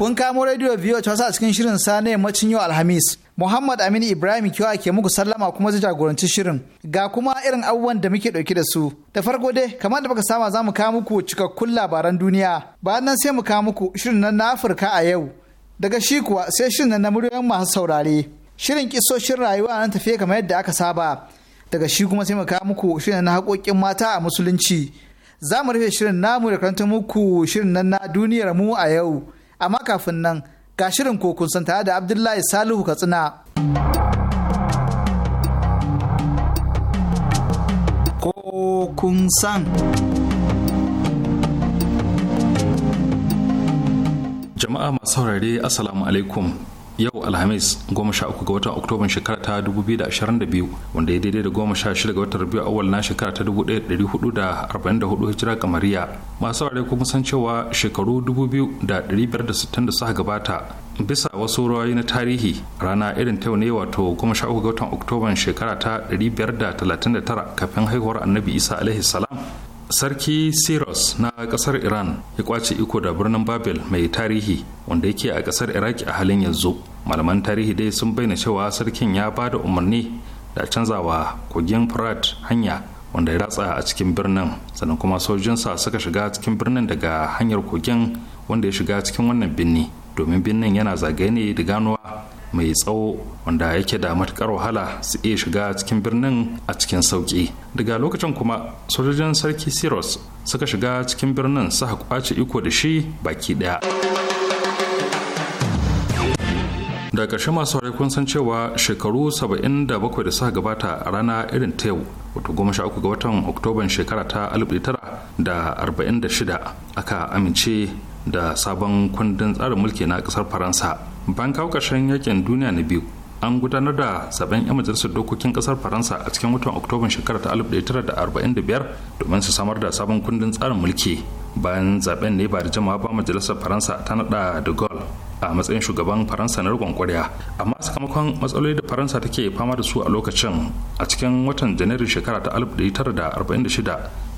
Kun kamo rediyo biyu ta wasu a cikin shirin sani macin yammacin yau Alhamis. Muhammad Aminu Ibrahim a ke muku sallama kuma zai jagoranci shirin. Ga kuma irin abubuwan da muke ɗauki da su. Da farko dai, kamar da baka sama za mu kawo muku cikakkun labaran duniya. Bayan nan sai mu kawo muku shirin nan na Afirka a yau. Daga shi kuwa sai shirin nan na muryoyin masu saurare. Shirin kisoshin rayuwa nan tafiye kamar yadda aka saba. Daga shi kuma sai mu kawo muku shirin na haƙoƙin mata a musulunci. Za mu rufe shirin namu da karanta muku shirin nan na duniyar mu a yau. amma kafin nan ga shirin kokun san tare da Abdullahi Salihu Katsina. Kokun san. Jama'a masu saurare Assalamu alaikum. yau alhamis 13 ga watan oktoban shekara ta 2022 wanda ya daidai da 16 ga watan rabiu awal na shekara ta 1444 hijira kamariya masu ware kuma san cewa shekaru 2560 da suka gabata bisa wasu rawayi na tarihi rana irin ta ne wato 13 ga watan oktoban shekara ta 539 kafin haihuwar annabi isa alaihi salam sarki siros na kasar iran ya kwace iko da birnin babel mai tarihi wanda yake a kasar iraq a halin yanzu malaman tarihi dai sun bayyana cewa sarkin ya ba da umarni da canzawa kogin prat hanya wanda ya ratsa a cikin birnin sannan kuma sojinsa suka shiga cikin birnin daga hanyar kogin wanda ya shiga cikin wannan birni domin birnin yana zagaye ne da ganuwa mai tsawo wanda yake da matukar wahala su iya shiga cikin birnin a cikin sauki daga lokacin kuma sojojin sarki siros suka shiga cikin birnin suka kwace iko da shi baki daya da ƙarshe masu harai kun san cewa shekaru 77 da suka gabata a rana irin ta yau wato goma sha uku ga watan oktoban shekara ta 1946 aka amince da sabon kundin tsarin mulki na ƙasar faransa bayan kawo ƙarshen yakin duniya na biyu an gudanar da zaben 'yan majalisar dokokin ƙasar faransa a cikin watan oktoban shekarar ta 1945 domin su samar da sabon kundin tsarin mulki bayan zaben ne ba da jama'a ba majalisar faransa ta naɗa de gaulle a matsayin shugaban faransa na riƙon kwarya amma sakamakon matsaloli da faransa take fama da su a lokacin a cikin watan janairun shekara ta 1946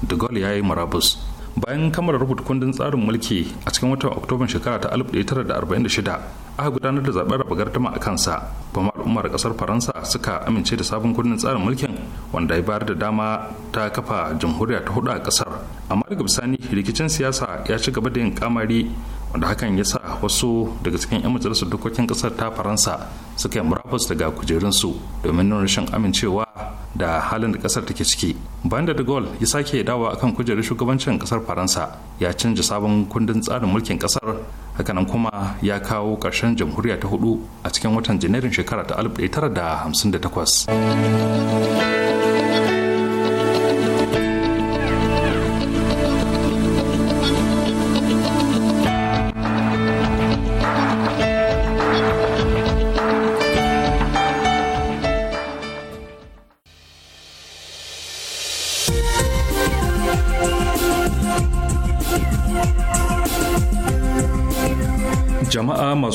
de gaulle ya yi murabus bayan kammala rubuta kundin tsarin mulki a cikin watan oktoban shekara ta 1946 aka gudanar da zaben raba gardama a kansa kuma al'ummar kasar faransa suka amince da sabon kundin tsarin mulkin wanda ya bayar da dama ta kafa jamhuriya ta hudu a kasar amma daga bisani rikicin siyasa ya ci gaba da yin kamari wanda hakan ya sa wasu daga cikin 'yan majalisar dokokin kasar ta faransa suka yi murabus daga kujerunsu domin nuna rashin amincewa da halin da kasar take ciki bayan da de gaulle ya sake dawa akan kujerar shugabancin kasar faransa ya canja sabon kundin tsarin mulkin kasar hakanan kuma ya kawo ƙarshen jamhuriya ta hudu a cikin watan janairun shekara ta 1958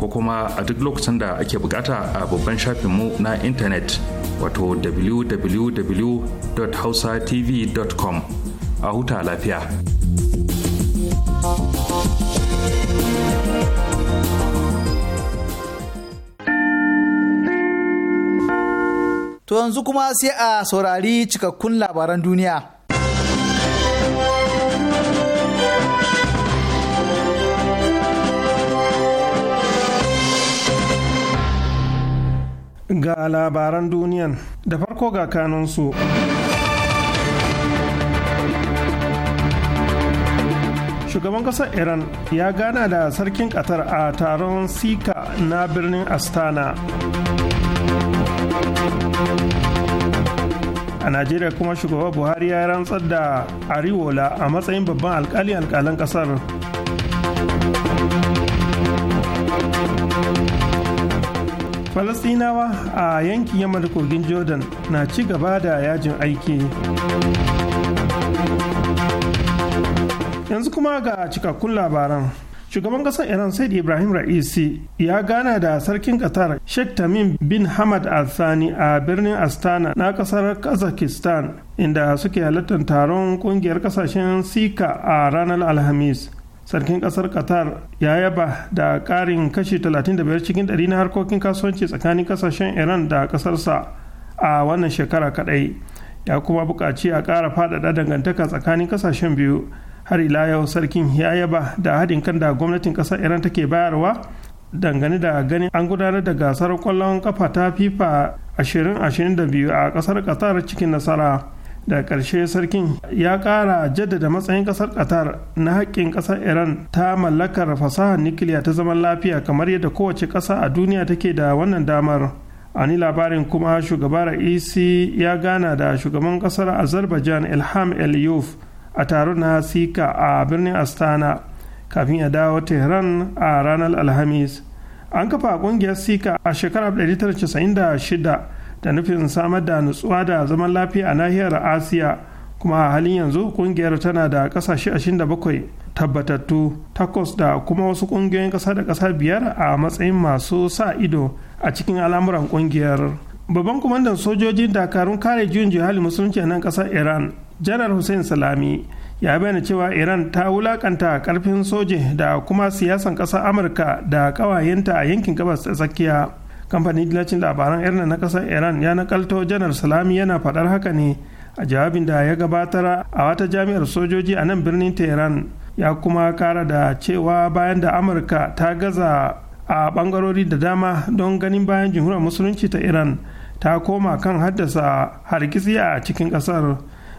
ko kuma a duk lokacin da ake bukata a babban shafinmu na intanet wato www.hausatv.com a huta lafiya. To yanzu kuma sai a saurari cikakkun labaran duniya. ga labaran duniyan da farko ga kanunsu. shugaban kasar iran ya gana da sarkin qatar a taron sika na birnin astana a najeriya kuma shugaban buhari ya rantsar da ariwola a matsayin babban alkali alkalan kasar falasinawa a yankin yamma da kogin jordan na ci gaba da yajin aiki yanzu kuma ga cikakkun labaran shugaban kasar iran said ibrahim ra'isi ya gana da sarkin qatar sheikh tamim bin hamad al-thani a birnin astana na kasar kazakhstan inda suke halartar taron kungiyar kasashen sika a ranar alhamis sarkin kasar qatar ya yaba da karin kashi 35 cikin 100 na harkokin kasuwanci tsakanin kasashen iran da kasarsa a wannan shekara kadai ya kuma buƙaci a ƙara faɗaɗa dangantaka tsakanin kasashen biyu har ila yau sarkin ya yaba da haɗin kan da gwamnatin ƙasar iran take bayarwa dangane da ganin an gudanar da gasar kwallon kafa ta fifa 2022 a ƙasar qatar cikin nasara da ƙarshe sarkin ya ƙara jaddada matsayin ƙasar qatar na haƙƙin ƙasar iran ta mallakar fasahar nikiliya ta zaman lafiya kamar yadda kowace ƙasa a duniya take da wannan damar a ni labarin kuma shugabar ec ya gana da shugaban ƙasar azerbaijan ilham eliyuf a taron na sika a birnin astana kafin ya dawo tehran a ranar alhamis an kafa ƙungiyar sika a shekarar 1996 da nufin samar da nutsuwa da zaman lafiya a nahiyar asiya kuma a halin yanzu kungiyar tana da kasashe 27 tabbatattu takwas da kuma wasu kungiyoyin kasa da kasa biyar a matsayin masu sa ido a cikin al'amuran kungiyar babban kwamandan sojojin dakarun kare juyin jihali musulunci nan kasar iran janar hussein salami ya bayyana cewa iran ta wulakanta karfin soje da kuma siyasan kasar amurka da kawayenta a yankin gabas ta tsakiya kamfanin dillacin labaran irin na kasar iran ya nakalto janar salami yana faɗar haka ne a jawabin da ya gabatar a wata jami'ar sojoji a nan birnin tehran ya kuma kara da cewa bayan da amurka ta gaza a bangarori da dama don ganin bayan jamhuriyar musulunci ta iran ta koma kan haddasa hargitsi a cikin kasar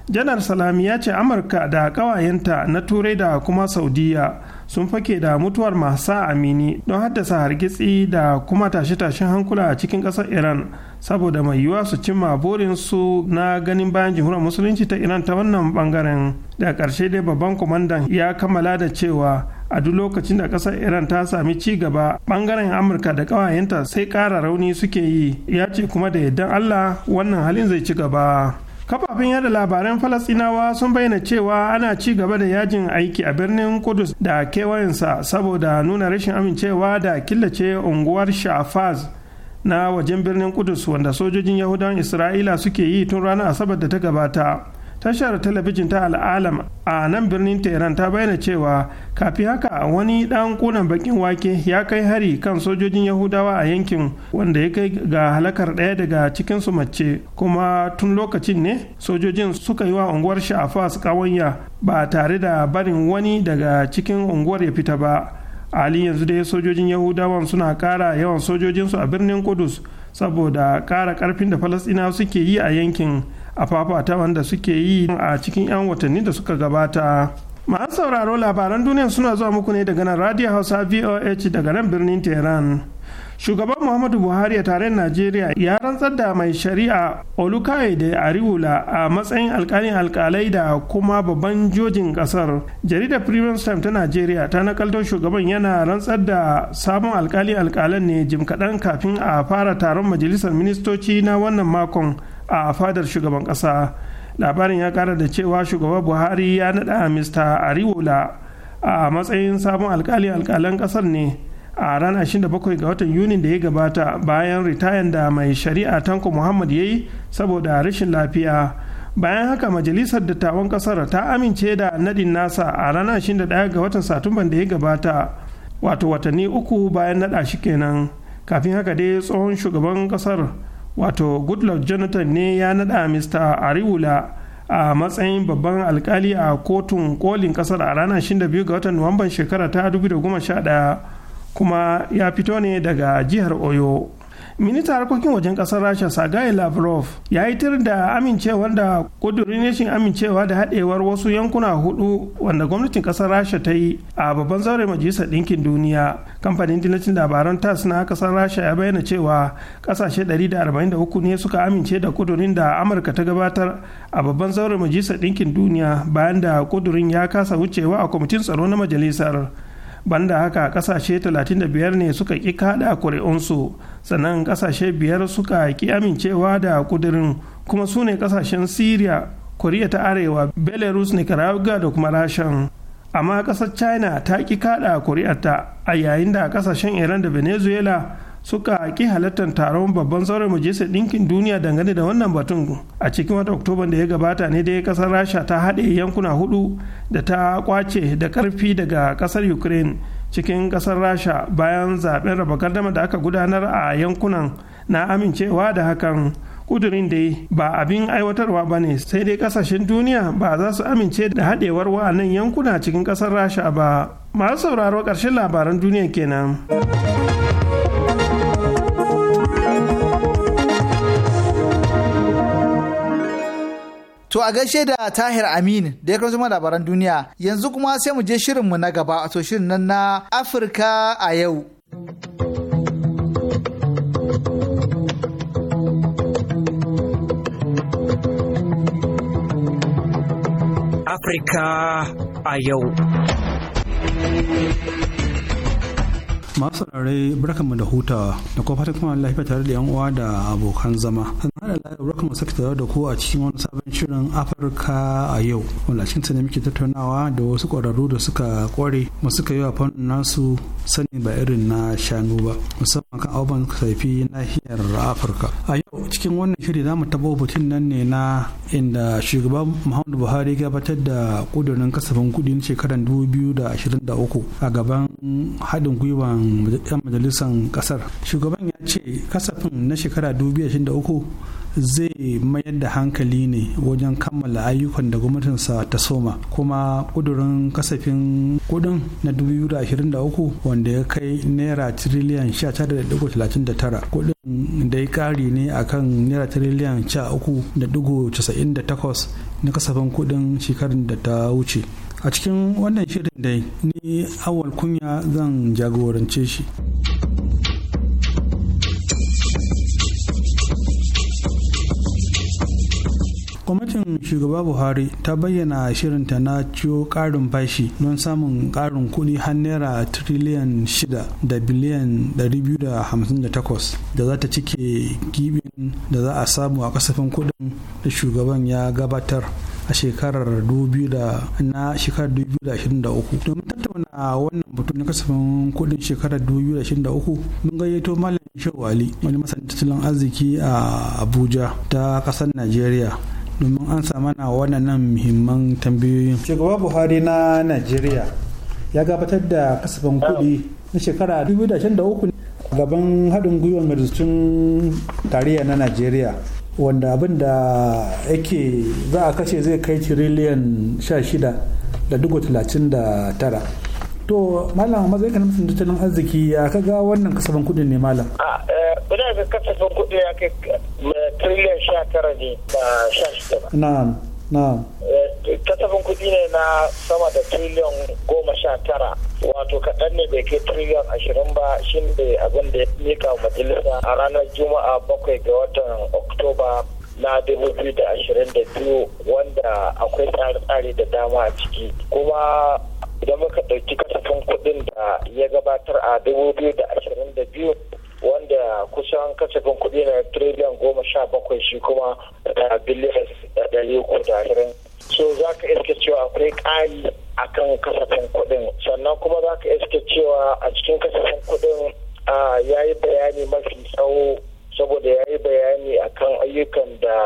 janar salami ya ce amurka da kawayenta na turai da kuma saudiya sun fake da mutuwar masa amini don haddasa hargitsi da kuma tashe-tashen hankula a cikin ƙasar iran saboda mai yiwuwa su cimma burinsu na ganin bayan jihunan musulunci ta iran ta wannan bangaren da ƙarshe dai babban kwamandan ya kammala da cewa a duk lokacin da ƙasar iran ta sami ci gaba bangaren amurka da ƙawayenta sai ƙara rauni suke yi ya ce kuma da yardan allah wannan halin zai ci gaba kafafen yada labaran falasinawa sun bayyana cewa ana ci gaba da yajin aiki a birnin kudus da kewayensa saboda nuna rashin amincewa da killace unguwar shafaz na wajen birnin kudus wanda sojojin yahudan isra'ila suke yi tun ranar asabar da ta gabata tashar talabijin ta al'alam a nan birnin tehran ta bayyana cewa kafin haka wani dan kunan bakin wake ya kai hari kan sojojin yahudawa a yankin wanda ya kai ga halakar ɗaya daga cikinsu mace kuma tun lokacin ne sojojin suka yi wa unguwar shafas kawanya ba tare da barin wani daga cikin unguwar ya fita ba halin yanzu dai sojojin yahudawan suna kara yawan sojojinsu a birnin kudus saboda kara karfin da falasɗinawa suke yi a yankin a fafata wanda suke yi a cikin 'yan watanni da suka gabata masu sauraro labaran duniya suna zuwa muku ne daga nan radio hausa voh daga nan birnin tehran shugaban muhammadu buhari a tarayyar najeriya ya rantsar da mai shari'a da ariwula a matsayin alkalin alkalai da kuma babban jojin kasar jaridar premium time ta najeriya ta nakalto shugaban yana rantsar da sabon alkalin alkalan ne jim kaɗan kafin a fara taron majalisar ministoci na wannan makon a fadar shugaban ƙasa labarin ya kara da cewa shugaban buhari ya naɗa mr ariwola a matsayin sabon alkali alkalan ƙasar ne a ranar 27 ga watan Yuni da ya gabata bayan ritayan da mai shari'a tanko muhammad ya yi saboda rashin lafiya bayan haka majalisar dattawan kasar ta amince da nadin nasa a ranar 21 ga watan satumban da ya gabata wato watanni uku bayan nada shi kenan kafin haka dai tsohon shugaban kasar wato goodluck jonathan ne ya nada mr ariwula a matsayin babban alkali a kotun kolin kasar a ranar 22 ga watan nuwamban shekara ta 2011 kuma ya fito ne daga jihar oyo minista harkokin wajen kasar rasha sagai lavrov ya yi tir da amincewar da kudurin nishin amincewa da haɗewar wasu yankuna hudu wanda gwamnatin kasar rasha ta yi a babban zaure majalisar ɗinkin duniya kamfanin dinacin labaran tas na kasar rasha ya bayyana cewa ƙasashe 143 ne suka amince da kudurin da amurka ta gabatar a babban zaure majalisar ɗinkin duniya bayan da kudurin ya kasa wucewa a kwamitin tsaro na majalisar banda haka kasashe 35 ne suka ƙi kada kuri'unsu sannan kasashe biyar suka ki amincewa da kudirin kuma su ne kasashen syria koriya ta arewa belarus nicaragua da kuma rashan amma kasar china ta ƙi kada kuri'arta a yayin da kasashen iran da venezuela suka ki halartar taron babban sauran majalisar ɗinkin duniya dangane da wannan batun a cikin wata oktoba da ya gabata ne dai kasar rasha ta haɗe yankuna hudu da ta kwace da ƙarfi daga ƙasar ukraine cikin ƙasar rasha bayan zaɓen raba gardama da aka gudanar a yankunan na amincewa da hakan kudurin dai ba abin aiwatarwa ba ne sai dai ƙasashen duniya ba za su amince da haɗewar wa'annan yankuna cikin ƙasar rasha ba masu sauraro ƙarshen labaran duniya kenan. To a gaishe da Tahir Amin da ya karanta zama labaran duniya. Yanzu kuma sai mu je shirin mu na gaba a to shirin nan na Afirka a yau. Afirka a yau. masu rarrai barkanmu da hutawa da kuma fatan kuma lafiya tare da yan uwa da abokan zama sannan da lafiya mu sake tare da ku a cikin wani sabon shirin afirka a yau wanda cikin sa ne muke tattaunawa da wasu ƙwararru da suka kware mu suka yi wa fannin nasu sani ba irin na shanu ba musamman kan abubuwan kasafi nahiyar afirka a yau cikin wannan shiri za mu taɓa batun nan ne na inda shugaban muhammadu buhari gabatar da kudurin kasafin kudin shekarar 2023 a gaban haɗin gwiwan 'yan majalisar kasar shugaban ya ce kasafin na shekara 2023 zai mayar da hankali ne wajen kammala ayyukan da gwamnatinsa ta soma kuma kudurin kasafin kudin na 2023 wanda ya kai naira tiriliyan 19.39 kudin da ya kari ne akan naira tiriliyan 13.98 na kasafin kudin shekarun da ta wuce a cikin wannan shirin dai ni awal kunya zan jagorance shi gwamnatin shugaba buhari ta bayyana shirinta na ciyo karin bashi don samun karin kuɗi har naira tiriliyan 6 da biliyan 258 da za ta cike gibin da za a samu a kasafin kudin da shugaban ya gabatar a shekarar 2000 na shekarar 2023 domin tattauna wannan batu na kasafin kudin shekarar 2023 mun gayyato malam shawali wani masanin tattalin arziki a abuja ta kasar nigeria domin an samana waɗannan muhimman tambayoyin shugaba buhari na nigeria ya gabatar da kasafin kudi na shekara 2023 gaban haɗin gwiwar majalisun tarayya na nigeria wanda abin da yake za a kashe zai kai tiriliyan 16 da dugu 39 to malam amma zai kan mutum tattalin arziki ya kaga wannan kasafin kudin ne malam kuna eh, ga kasafin kudi ya kai tiriliyan 19 ne ba 16 ba na'am na'am eh, kasafin kudi ne na sama da tiriliyan 19 wato kaɗan ne bai kai tiriliyan ashirin ba shi ne abin da ya mika majalisa a ranar juma'a bakwai ga watan oktoba na dubu biyu da ashirin da biyu wanda akwai tsare-tsare da dama a ciki kuma idan muka ɗauki kasafin kuɗin da ya gabatar a dubu biyu da ashirin da biyu wanda kusan kasafin kuɗi na tiriliyan goma sha bakwai shi kuma da eh, biliyan ɗari uku da ashirin so za ka iske cewa akwai ƙari a kan kasafin kuɗin sannan kuma za ka iske cewa a cikin kasafin kuɗin ya yi bayani mafi tsawo saboda ya yi bayani akan ayyukan da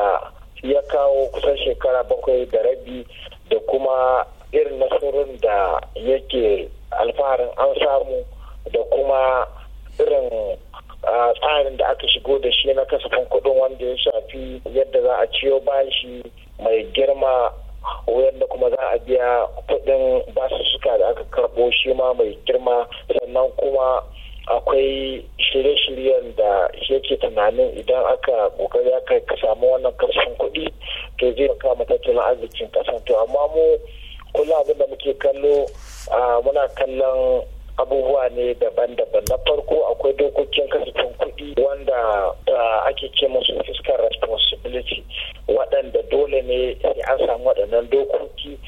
ya kawo kusan shekara bakwai da rabi da kuma irin nasarorin da yake alfaharin an samu da kuma irin tsarin da aka shigo da shi na kasafin kuɗin wanda ya shafi yadda za a ciyo bashi mai girma wanda kuma za a biya kuɗin basussuka da aka karɓo shi ma mai girma sannan kuma akwai shirye-shiryen da yake tunanin idan aka kokari aka samu wannan karshen kuɗi to zai kama tattalin arzikin ƙasa to amma mu kullum abin da muke kallo muna kallon abubuwa ne daban-daban na farko akwai dokokin kasafin kuɗi wanda ah, ake ce musu fiscal responsibility waɗanda dole ne sai an samu waɗannan dokoki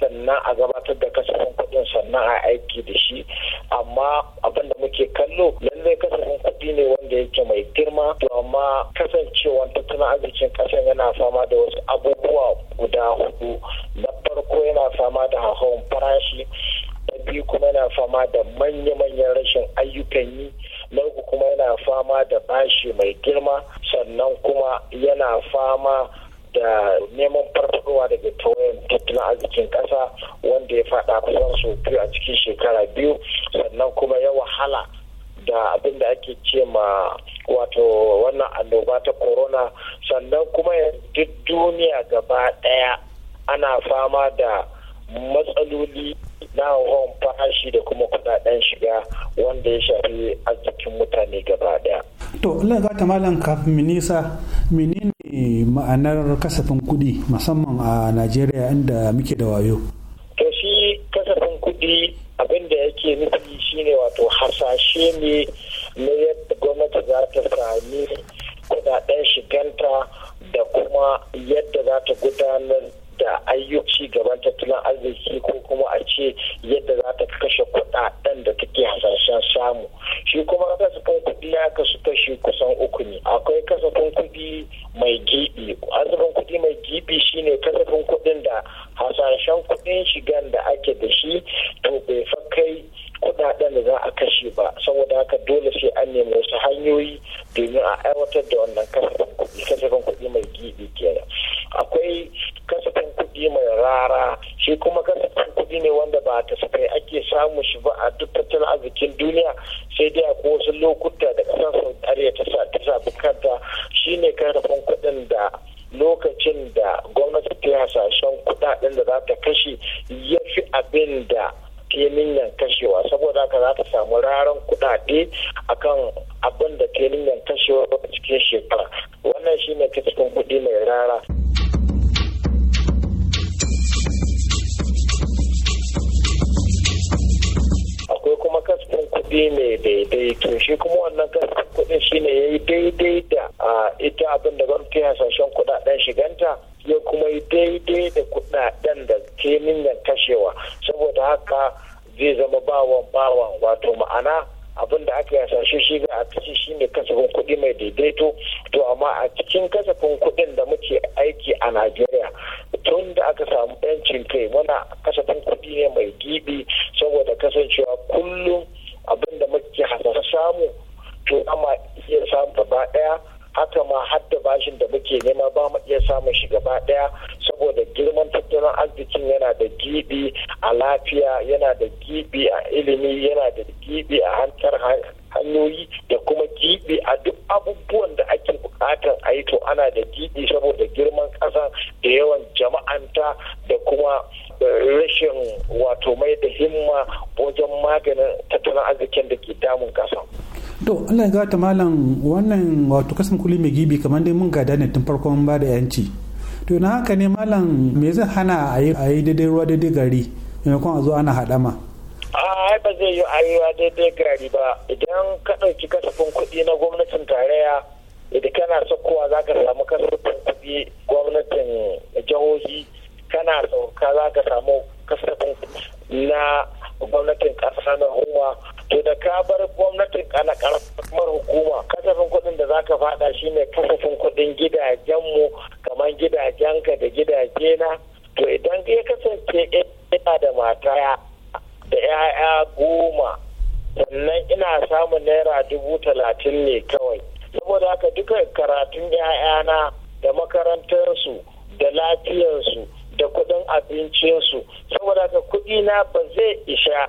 sannan a gabatar da kasafin kuɗin sannan a aiki da shi amma abin da muke kallo lallai kasafin kuɗi ne wanda yake mai girma to amma kasancewan tattalin arzikin ƙasar yana fama da wasu abubuwa guda hudu na farko yana fama da hauhawar farashi biyu kuma yana fama da manya-manyan rashin ayyukan yi na uku kuma yana fama da bashi mai girma sannan kuma yana fama da neman farfadowa daga tauyen tattalin arzikin ƙasa wanda ya faɗa kusan sau biyu a cikin shekara biyu sannan kuma ya wahala da abin da ake ce ma wato wannan annoba ta corona sannan kuma duk duniya gaba ɗaya ana fama da matsaloli na hon farashi da kuma kudaden shiga wanda ya shafi arzikin mutane gaba daya. To, Allah ta malam kafin minisa menene ma'anar kasafin kuɗi musamman a Najeriya inda muke da wayo? To shi kasafin kudi abin da yake nufi shine wato hasashe ne na yadda gwamnati za ta sami kudaden shiganta da kuma yadda za ta gudanar da ayyuci gaban tattalin arziki ko kuma yadda za ta kashe kuɗaɗen da take hasashen samu shi kuma ƙasar yana da gibi a hantar hanyoyi da kuma gibi a duk abubuwan da ake bukatar a yi to ana da gibi saboda girman ƙasa da yawan jama'anta da kuma eh, rashin wato mai da himma wajen maganin tattalin arzikin da ke damun ƙasa. to allah ga ta malam wannan wato kasan kuli mai gibi kamar dai mun gada ne tun farkon ba da yanci to na haka ne malam me zai hana a yi daidai ruwa daidai gari maimakon a zo ana haɗama ai ba zai yi ayyuwa daidai gari ba idan ka ɗauki kasafin kuɗi na gwamnatin tarayya idan kana sakowa za ka samu kasafin kuɗi gwamnatin jihohi kana sauka za ka samu kasafin na gwamnatin ƙasa na hukuma to da ka bar gwamnatin ƙana ƙaramar hukuma kasafin kuɗin da za ka faɗa shine kasafin kuɗin gidajenmu kamar gidajenka da gidajena to idan ya kasance ina da mataya da 'ya'ya goma sannan ina samun naira dubu talatin ne kawai saboda haka duka karatun 'ya'yana da makarantarsu da lafiyarsu da kudin abincinsu saboda haka kuɗi na ba zai isha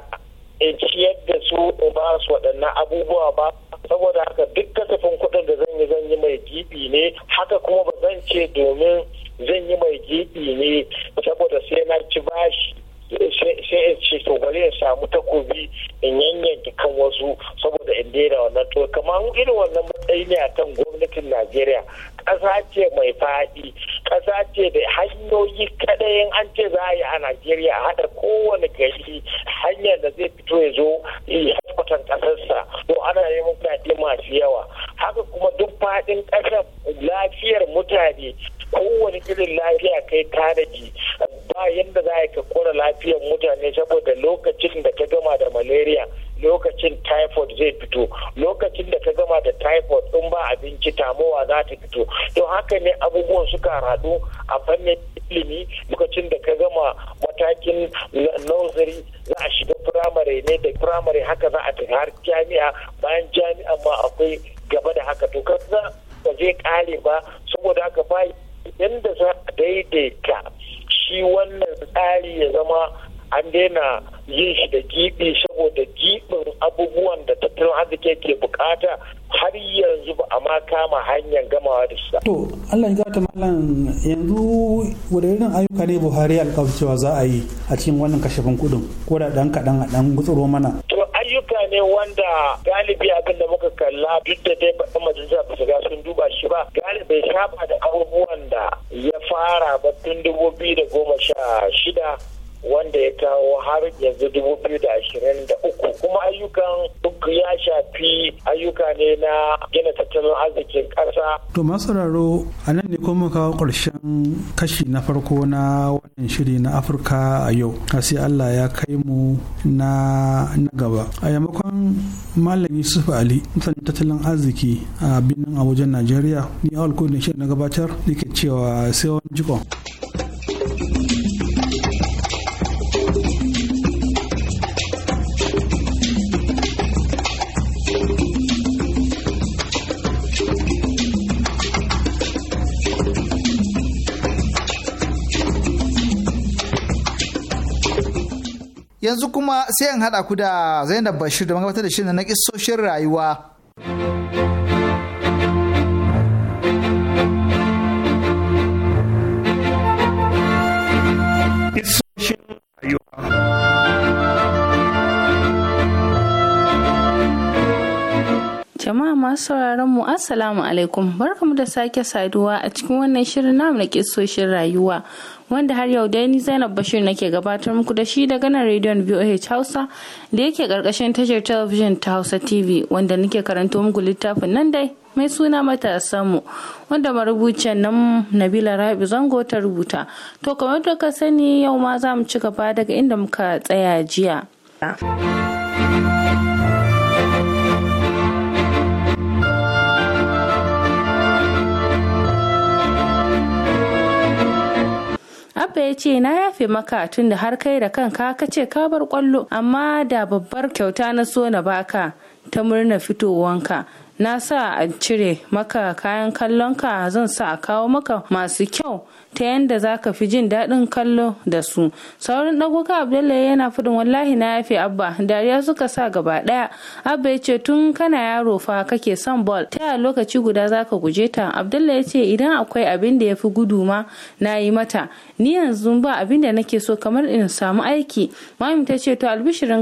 in ciyar da su in ba su waɗannan abubuwa ba saboda haka duk kasafin kudin da zan yi zan yi mai gibi ne haka kuma ba zan ce domin zan yi mai gibi ne saboda sai na ci bashi sai in ya samu takobi in yanyanke kan wasu saboda in daina wannan to kamar irin wannan matsayi ne akan gwamnatin najeriya ƙasa ce mai faɗi ƙasa ce da hanyoyi kadai an ce za a yi a najeriya a haɗa kowane gari hanyar da zai fito ya zo yi haskwatan ƙasarsa to ana neman kuɗaɗe masu yawa haka kuma duk faɗin ƙasar lafiyar mutane kowane irin lafiya kai tanadi ba yadda za ka kora lafiyar mutane saboda lokacin da ka gama da malaria lokacin typhoid zai fito lokacin da ka gama da typhoid in ba abinci tamowa za ta fito to haka ne abubuwan suka radu a fannin ilimi lokacin da ka gama matakin nursery za a shiga primary ne da primary haka za a tafi har jami'a bayan jami'a ma akwai gaba da haka to ba zai kare ba saboda haka ba yadda za a daidaita shi wannan tsari ya zama an daina yin shi da giɓi saboda giɓin abubuwan da tattalin arziki ke bukata har yanzu ba a ma kama hanyar gamawa da shi. To, Allah ya gata mallan yanzu wadda ayyuka ne Buhari alkawar cewa za a yi a cikin wannan kashefin kudin ko da ɗan kaɗan a ɗan gutsuro mana. To, ayyuka ne wanda galibi abin da muka kalla duk da dai faɗin majalisa ba su ga sun duba shi ba galibi shafa da abubuwan da ya fara ba tun dubu biyu da goma sha shida wanda ya kawo har yanzu dubu biyu da ashirin da uku kuma ayyukan duk ya shafi ayyuka ne na gina tattalin arzikin ƙasa. to masararo a nan ne kuma kawo ƙarshen kashi na farko na wannan shiri na afirka a yau sai allah ya kai mu na gaba a yamakon malam yusuf ali mutane tattalin arziki a birnin abuja najeriya ni awal kodin shirin na gabatar da ke cewa sai wani jikon. yanzu kuma sai in haɗa ku da zainab bashir da magabatar da shirin na kisoshin rayuwa. masu sauraron mu assalamu alaikum barkamu da sake saduwa a cikin wannan shirin namu na kisoshin rayuwa wanda har yau dai ni Zainab Bashir nake gabatar muku da shi daga nan rediyon VOH Hausa da yake karkashin tashar talabijin ta Hausa TV wanda nake karanto muku littafin nan dai mai suna matasan samu wanda marubuciyar nan Nabila Rabi Zango ta rubuta to kamar da ka sani yau ma za mu ci gaba daga inda muka tsaya jiya. abba ya ce na yafe maka tunda har kai da kanka ka ce ka bar kwallo amma da babbar kyauta na so na baka ta murna fitowanka na sa a cire maka kayan kallonka zan sa a kawo maka masu kyau ta yadda za ka fi jin daɗin kallo da su saurin ɗaguka abdullahi yana fudin wallahi na yafe abba dariya suka sa gaba ɗaya abba ya ce tun kana yaro fa kake son Bol. ta yaya lokaci guda za ka guje ta abdullahi ya ce idan akwai abin da ya fi gudu ma na yi mata ni yanzu ba abin da nake so kamar in samu aiki mami ta ce to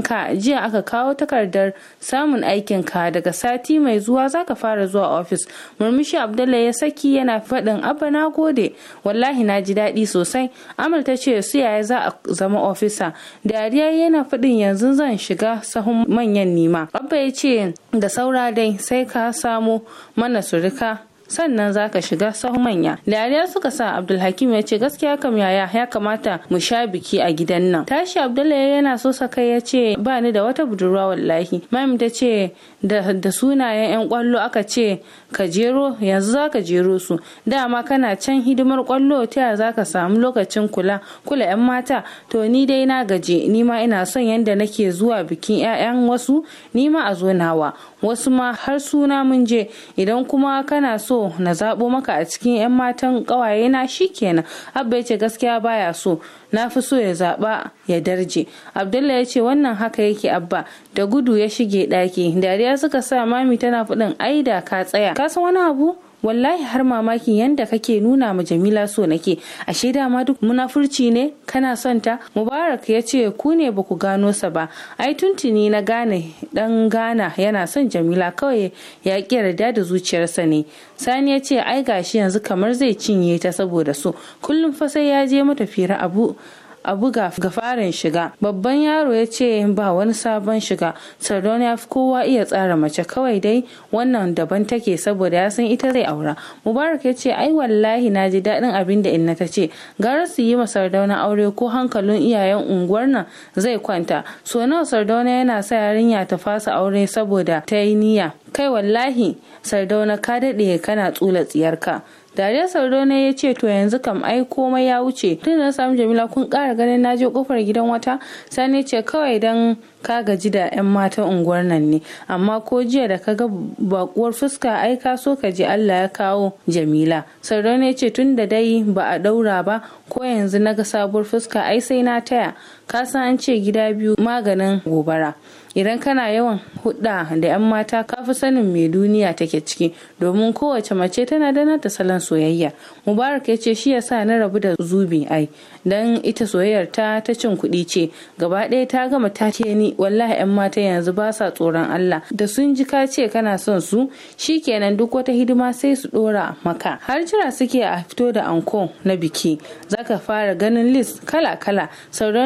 ka jiya aka kawo takardar samun aikin ka daga sati mai zuwa za ka fara zuwa ofis murmushi abdullahi ya saki yana faɗin abba na gode wallahi wallahi na ji daɗi sosai amur ta ce su yaya za a zama ofisa dariya yana faɗin yanzu zan shiga sahun manyan nima abba ya ce da saura dai sai ka samo mana surika sannan za ka shiga sau manya dariya suka sa abdulhakim ya ce gaskiya kam yaya ya kamata mu sha biki a gidan nan tashi abdullahi yana so sa kai ya ce ba ni da wata budurwa wallahi mami ta ce da sunayen yan kwallo aka ce ka jero yanzu za ka jero su dama kana can hidimar kwallo ta ya za ka samu lokacin kula kula yan mata to ni dai na gaje ni ma ina son yadda nake zuwa bikin 'ya'yan wasu ni ma a zo nawa wasu ma har suna mun je idan kuma kana so na zaɓo maka a cikin 'yan matan ƙawayena na kenan abba ya ce gaskiya baya so na fi so ya zaba ya darje Abdullahi ya ce wannan haka yake abba da gudu ya shige ɗaki dariya suka sa mami tana faɗin Aida, ka tsaya ka san wani abu wallahi har mamakin yanda kake nuna ma jamila so nake ashe ma duk munafurci ne kana son ta mubarak ya ce ku ne ba ku gano sa ba ai tuntuni na gane dan gana yana son jamila kawai ya ki yarda da zuciyarsa ne sani ya ce ai gashi yanzu kamar zai cinye ta saboda so kullum fa sai ya je mata fira abu a buga ga farin shiga babban yaro ya ce ba wani sabon shiga sardauna ya fi kowa iya tsara mace kawai dai wannan daban take saboda ya san ita zai aura mubarak ya ce ai wallahi na ji daɗin abin da inna ta ce gara su yi ma sardauna aure ko hankalin iyayen unguwar nan zai kwanta so nawa sardauna yana sa yarinya ta fasa aure saboda ta yi niyya kai wallahi sardauna ka daɗe kana tsula tsiyarka Dariya sauro ne ya ce to yanzu kam ai komai ya wuce. Tun da na samu Jamila kun kara ganin na je kofar gidan wata sani ce kawai dan ka gaji da 'yan matan unguwar nan ne amma ko jiya da kaga bakuwar fuska ai ka so ka ji Allah ya kawo Jamila. sauro ne ce tun da dai ba a daura ba ko yanzu naga sabuwar fuska ai sai na taya ka san an ce gida biyu maganin gobara. idan kana yawan hudda da 'yan mata ka sanin mai duniya take ciki domin kowace mace tana da nata salon soyayya mubarak ya ce shi ya sa na rabu da zubi ai dan ita soyayyar ta ta cin kuɗi ce gaba ɗaya ta gama ta ce ni wallahi 'yan mata yanzu ba sa tsoron allah da sun ji ka ce kana son su Shi kenan duk wata hidima sai su dora maka har jira suke a fito da anko na biki zaka fara ganin list kala kala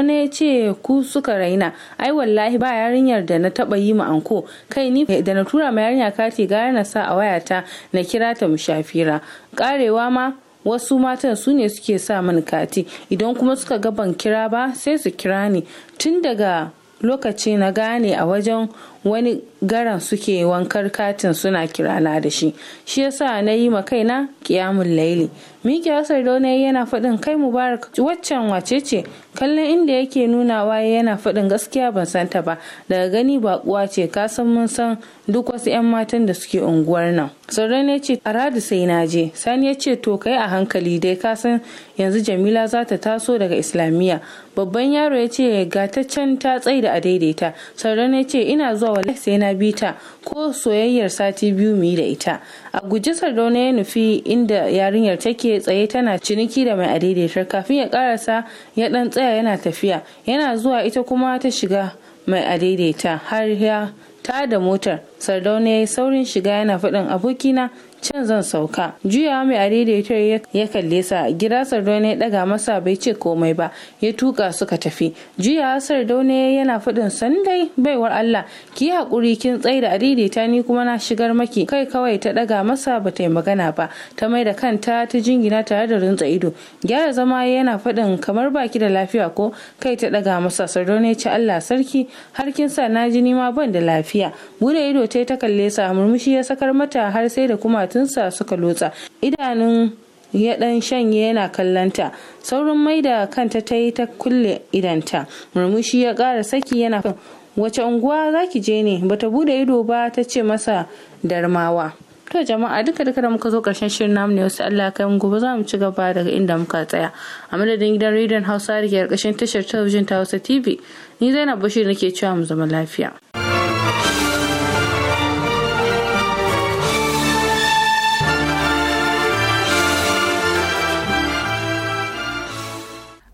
ne ya ce ku suka raina ai wallahi ba yarinyar yarinyar da na taba yi ma anko kai ni da na tura ma yarinya kati gara na sa a wayata na kira ta mu shafira karewa ma wasu matan su ne suke sa mani kati idan kuma suka ga ban kira ba sai su kira ni tun daga lokaci na gane a wajen wani garan suke wankar katin suna kirana da shi shi yasa na yi ma kaina kiyamun laili miki asar da yana faɗin kai mubarak waccan wace ce kallon inda yake nuna waye yana faɗin gaskiya ban san ta ba daga gani ba kuwa ce kasan san mun san duk wasu 'yan matan da suke unguwar nan sauran ya ce a radu sai na je sani ya ce to kai a hankali dai kasan yanzu jamila za ta taso daga islamiyya babban yaro ya ce gataccen ta tsaida a daidaita sauran ya ce ina zuwa wallahi sai na bi ta ko soyayyar sati biyu mu da ita a guji sardauna ya nufi inda yarinyar take tsaye tana ciniki da mai adaidaitar kafin ya karasa ya dan tsaya yana tafiya yana zuwa ita kuma ta shiga mai adaidaita har ya ta da motar sardauna ya yi saurin shiga yana faɗin abokina can zan sauka Juya mai daidaito ya kalle sa gida sardauna ya daga masa bai ce komai ba ya tuka suka tafi juyawa sardauna yana faɗin sandai baiwar allah ki haƙuri kin tsai da adaidaita ni kuma na shigar maki kai kawai ta daga masa ba ta yi magana ba ta mai da kanta ta jingina tare da rintsa ido gyara zama yana faɗin kamar baki da lafiya ko kai ta daga masa sardauna ya ci allah sarki har kin sa na ji ni ma ban da lafiya bude ido ta ta kalle sa murmushi ya sakar mata har sai da kuma makusantansa suka lotsa idanun ya dan shanye yana kallanta saurin maida kanta ta yi ta kulle idanta murmushi ya kara saki yana kan wace unguwa za ki je ne bata bude ido ba ta ce masa darmawa to jama'a duka duka da muka zo karshen shirin namu ne wasu Allah kai mu gobe za mu ci gaba daga inda muka tsaya a madadin gidan rediyon Hausa da ke karkashin tashar talabijin ta Hausa TV ni Zainab Bashir nake cewa mu zama lafiya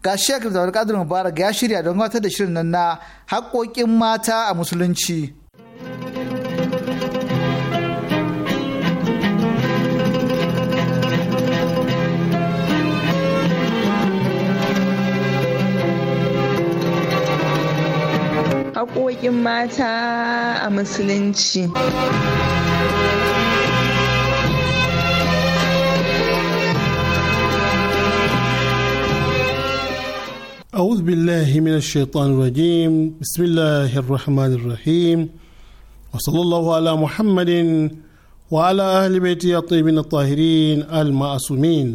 ga Sheikh Abdul Qadir Mubarak ya shirya don wata da shirin nan na haƙoƙin mata a musulunci. Haƙoƙin mata a musulunci. أعوذ بالله من الشيطان الرجيم بسم الله الرحمن الرحيم وصلى الله على محمد وعلى أهل بيته الطيبين الطاهرين المعصومين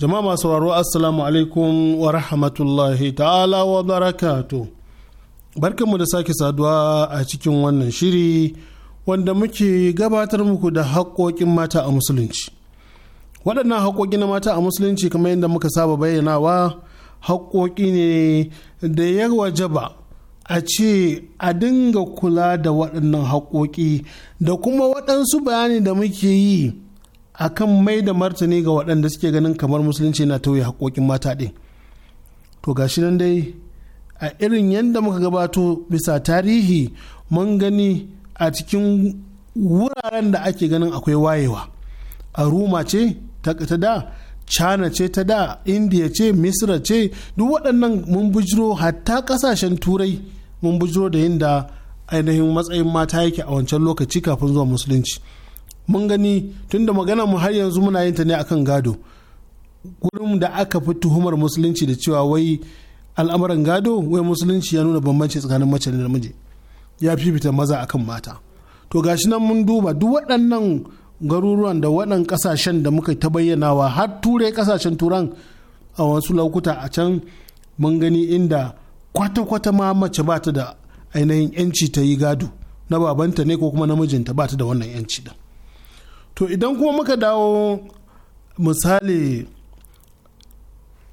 جماعة سوارو السلام عليكم ورحمة الله تعالى وبركاته barkan mu da sake saduwa a cikin wannan shiri wanda muke gabatar muku da haƙoƙin mata a musulunci waɗannan haƙoƙi na mata a musulunci kamar yadda muka saba bayyanawa haƙoƙi ne da ya wajaba a ce a dinga kula da waɗannan haƙoƙi da kuma waɗansu bayani da muke yi a kan mai da martani ga waɗanda suke ganin kamar musulunci na tauye haƙoƙin mata ɗin to gashi nan dai a irin yadda muka gabato bisa tarihi mun gani a cikin wuraren da ake ganin akwai wayewa a ruma ce ta da china ce ta da india ce misra ce duk waɗannan mun bujiro hatta ƙasashen turai mun bujiro da yinda ainihin matsayin mata yake a wancan lokaci kafin zuwa musulunci mun gani tunda magana mu har yanzu muna yin ta ne akan gado gurin da aka fi tuhumar musulunci da cewa wai al'amuran gado wai musulunci ya nuna bambanci tsakanin mace da namiji ya fifita maza akan mata to gashi nan mun duba duk waɗannan garuruwan da waɗannan ƙasashen da muka ta bayyanawa har turai ƙasashen turan a wasu laukuta a can mun gani inda kwata-kwata ma mace ba ta da ainihin yanci ta yi gado na babanta ne ko kuma namijinta ba ta da wannan yanci da to idan kuma muka dawo misali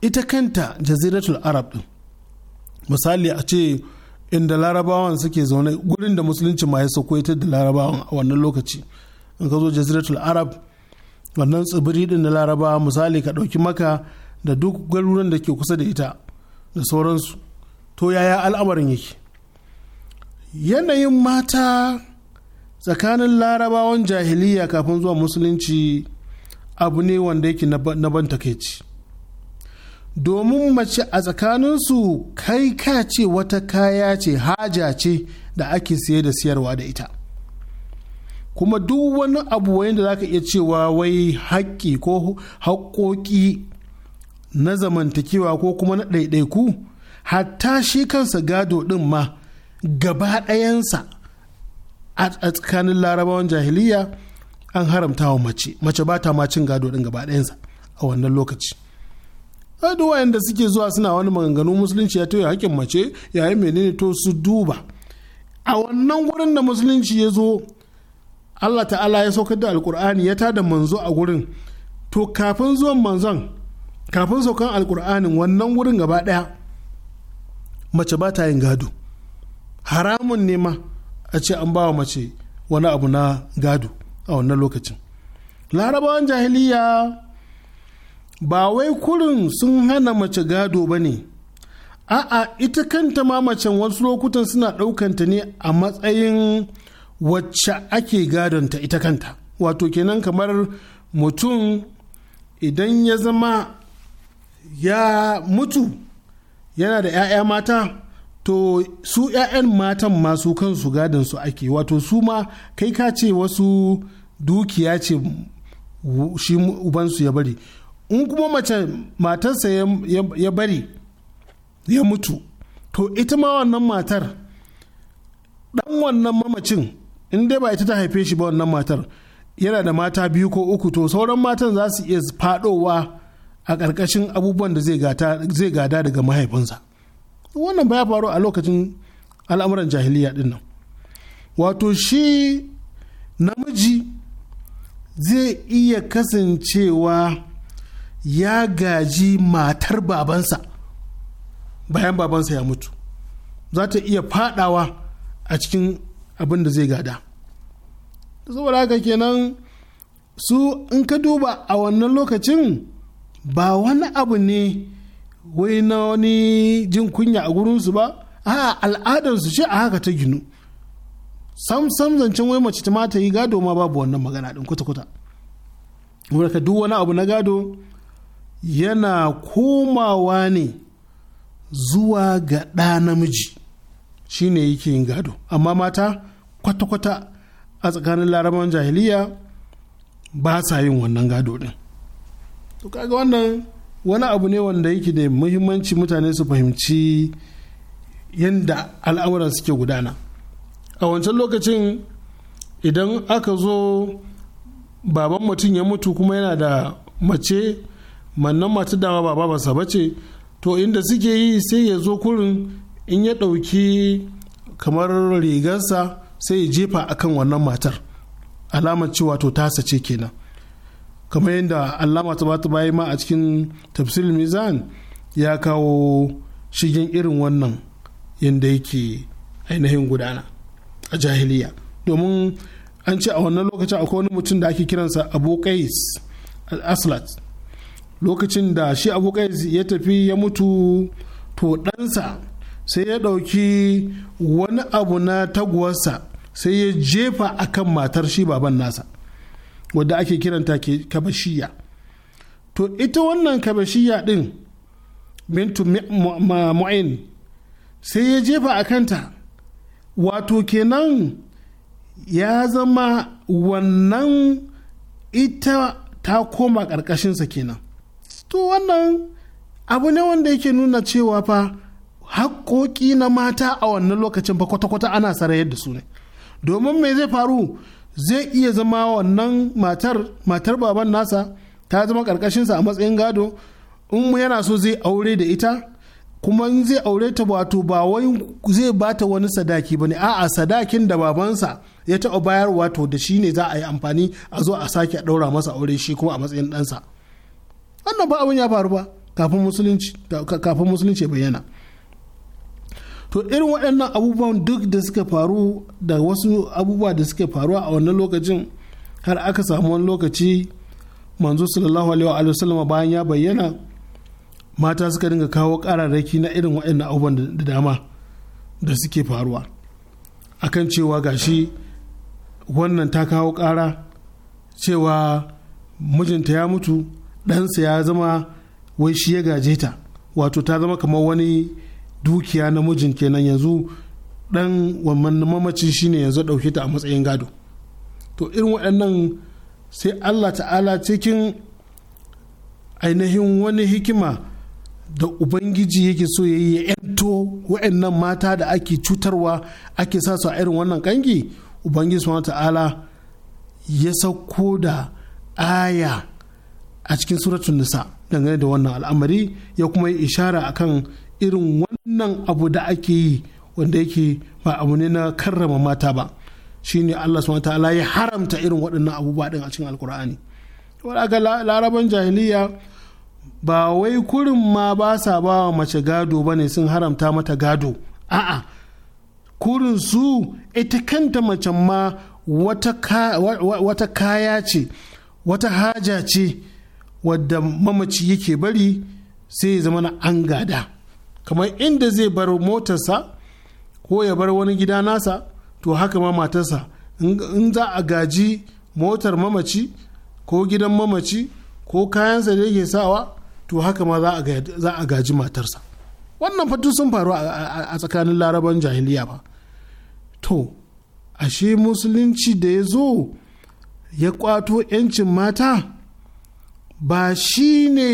ita kanta jaziratul arab din misali a ce inda larabawan suke zaune gurin da musulunci ma ya sauko ita da larabawan a wannan lokaci in ka zo jaziratul arab wannan tsibiri din na laraba misali ka ɗauki maka da duk garuruwan da ke kusa da ita da sauransu to yaya al'amarin yake yanayin mata tsakanin larabawan jahiliya kafin zuwa musulunci abu ne wanda yake na ban takaici domin mace a tsakaninsu kai ka ce wata kaya ce haja ce da ake siye da siyarwa da ita kuma duk wani abu wanda za ka iya cewa wai haƙƙi ko haƙƙoƙi na zamantakewa ko kuma na ɗaiɗaiku hatta shi kansa gado ɗin ma gaba ɗayansa a tsakanin larabawan jahiliya an haramta wa mace mace ba ta ma gado ɗin gaba ɗayansa a wannan lokaci duk wayanda suke zuwa suna wani maganganu musulunci ya ya haƙƙin mace yayin menene to su duba a wannan wurin da musulunci ya zo Allah ta'ala ya saukar da alkur'ani ya tada manzo a gurin to kafin zuwan manzon kafin saukan alkur'anin wannan wurin gaba ɗaya mace ba ta yin gado haramun ne ma a ce an bawa mace wani abu na gado a wannan lokacin larabawan jahiliya ba wai kurin sun hana mace gado ba ne a'a ita kanta ma macen wasu lokutan suna ɗaukanta ne a matsayin wacce ake gadonta ita kanta wato kenan kamar mutum idan ya zama ya mutu yana da 'ya'ya mata to su 'ya'yan matan masu kansu gadon su ake wato su ma kai ka ce wasu dukiya ce shi ubansu ya bari in kuma mace matarsa ya bari ya mutu to ita ma wannan matar dan wannan mamacin in dai ba ita ta haife shi ba wannan matar yana da mata biyu ko uku to sauran matan za su iya fadowa a ƙarƙashin abubuwan da zai gada daga mahaifinsa wannan baya faru a lokacin al'amuran jahiliya din nan wato shi namiji zai iya kasancewa ya gaji matar babansa bayan babansa ya mutu za ta iya fadawa a cikin abin da zai gada saboda haka kenan su in ka duba a wannan lokacin ba wani abu ne wai na wani jin kunya a gurinsu ba a al'adarsu ce a haka ta ginu sam sam zancen wai mace ta mata yi gado ma babu wannan magana din kuta kwata ka duk wani abu na gado yana komawa ne zuwa ga ɗa namiji shi ne yake yin gado amma mata kwata-kwata a tsakanin laraban jahiliya ba sa yin wannan gado din to kaga wannan wani abu ne wanda yake da muhimmanci mutane su fahimci yadda al'amuran suke gudana a wancan lokacin idan aka zo baban mutum ya mutu kuma yana da mace mannan mata dama ba basa ba ce to inda suke yi sai ya zo kurin in ya ɗauki kamar rigarsa sai ya jefa akan wannan matar alamar cewa to tasa ce kenan kamar yadda allama ta bata bayi ma a cikin tafsir mizan ya kawo shigen irin wannan yadda yake ainihin gudana a jahiliya domin an ce a wannan lokacin akwai wani mutum da ake kiransa abu qais aslat lokacin da shi abu qais ya tafi ya mutu to ɗansa sai ya ɗauki wani abu na taguwarsa sai ya jefa kan matar shi baban nasa wadda ake kiranta kabashiya to ita wannan kabashiya ɗin bintu mu'in sai ya jefa a kanta wato kenan ya zama wannan ita ta koma ƙarƙashinsa kenan to wannan abu ne wanda yake nuna cewa fa haƙoƙi na mata a wannan lokacin ba kwata-kwata ana sarayar da su ne domin me zai faru zai iya zama wannan matar matar baban nasa ta zama ƙarƙashinsa a matsayin gado in yana so zai aure da ita kuma in zai aure ta wato ba wai zai bata wani sadaki ba bane a'a sadakin da babansa ya taɓa bayar wato da shi ne za a yi amfani a zo a sake a ɗaura masa aure shi kuma a matsayin ɗansa wannan ba abin ya faru ba kafin musulunci kafin musulunci bayyana to irin waɗannan abubuwan duk da suka faru da wasu abubuwa da suka faru a wannan lokacin har aka samu wani lokaci manzo sallallahu alaihi wa sallama bayan ya bayyana mata suka dinga kawo kararraki na irin waɗannan abubuwan da dama da suke faruwa akan cewa gashi wannan ta kawo ƙara cewa mijinta ya mutu ɗansa ya zama wai shi ya gaje ta wato ta zama kamar wani dukiya namijin kenan yanzu dan wannan mamacin shine yanzu ɗauke ta a matsayin gado to irin waɗannan sai allah ta'ala cikin ainihin wani hikima da ubangiji yake so ya yi ya yanto waɗannan mata da ake cutarwa ake sa su a irin wannan kangi ubangiji subhanahu ta'ala ya sauko da aya a cikin suratun nisa dangane da wannan al'amari ya kuma yi ishara akan irin wannan abu da ake yi wanda yake ba abu ne na karrama mata ba shine Allah subhanahu ta'ala ya haramta irin waɗannan abubuwa din a cikin alkur'ani wanda ga laraban jahiliya ba wai kurin ma ba sa ba wa mace gado bane sun haramta mata gado a'a kurin su ita kanta mace ma wata kaya ce wata haja ce wadda mamaci yake bari sai ya zama na an gada kamar inda zai bar motarsa ko ya bar wani gida nasa to haka ma matarsa in za a gaji motar mamaci ko gidan mamaci ko kayansa da yake sawa to haka ma za a gaji matarsa wannan fatu sun faru a tsakanin laraban jahiliya ba to ashe musulunci da ya zo ya kwato 'yancin mata ba shi ne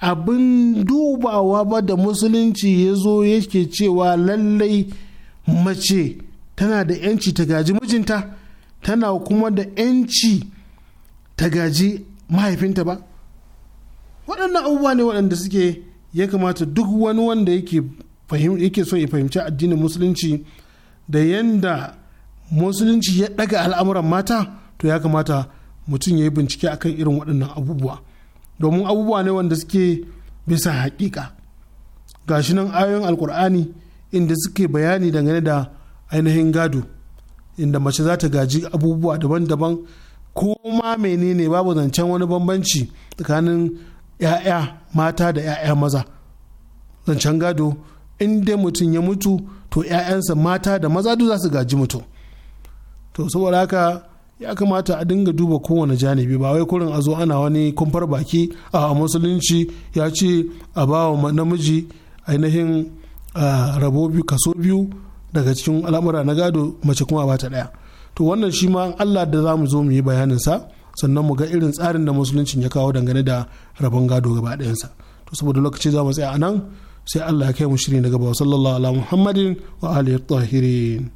abin dubawa ba da musulunci ya zo yake cewa lallai mace tana da 'yanci ta gaji mijinta tana kuma da 'yanci ta gaji mahaifinta ba waɗannan abubuwa ne waɗanda suke ya kamata duk wani wanda yake yake so ya fahimci addinin musulunci da yanda musulunci ya ɗaga al'amuran mata to ya kamata mutum ya yi bincike akan irin waɗannan abubuwa domin abubuwa ne wanda suke bisa hakika gashi nan ayoyin alkur'ani inda suke bayani dangane da ainihin gado inda mace za ta gaji abubuwa daban-daban ko ma menene babu zancen wani bambanci tsakanin 'ya'ya mata da 'ya'ya maza zancen gado inda mutum ya mutu to 'ya'yansa mata da maza duk za su gaji mutum to saboda haka ya kamata a dinga duba kowane janibi ba wai kurin a zo ana wani kumfar baki a musulunci ya ce a ba wa namiji ainihin rabo biyu kaso biyu daga cikin al'amura na gado mace kuma ba ta daya to wannan shi ma allah da za mu zo mu yi bayanin sa sannan mu ga irin tsarin da musuluncin ya kawo dangane da rabon gado gaba ɗayansa to saboda lokaci za mu tsaya a nan sai allah ya kai mu shiri na gaba sallallahu ala muhammadin wa alihi tahirin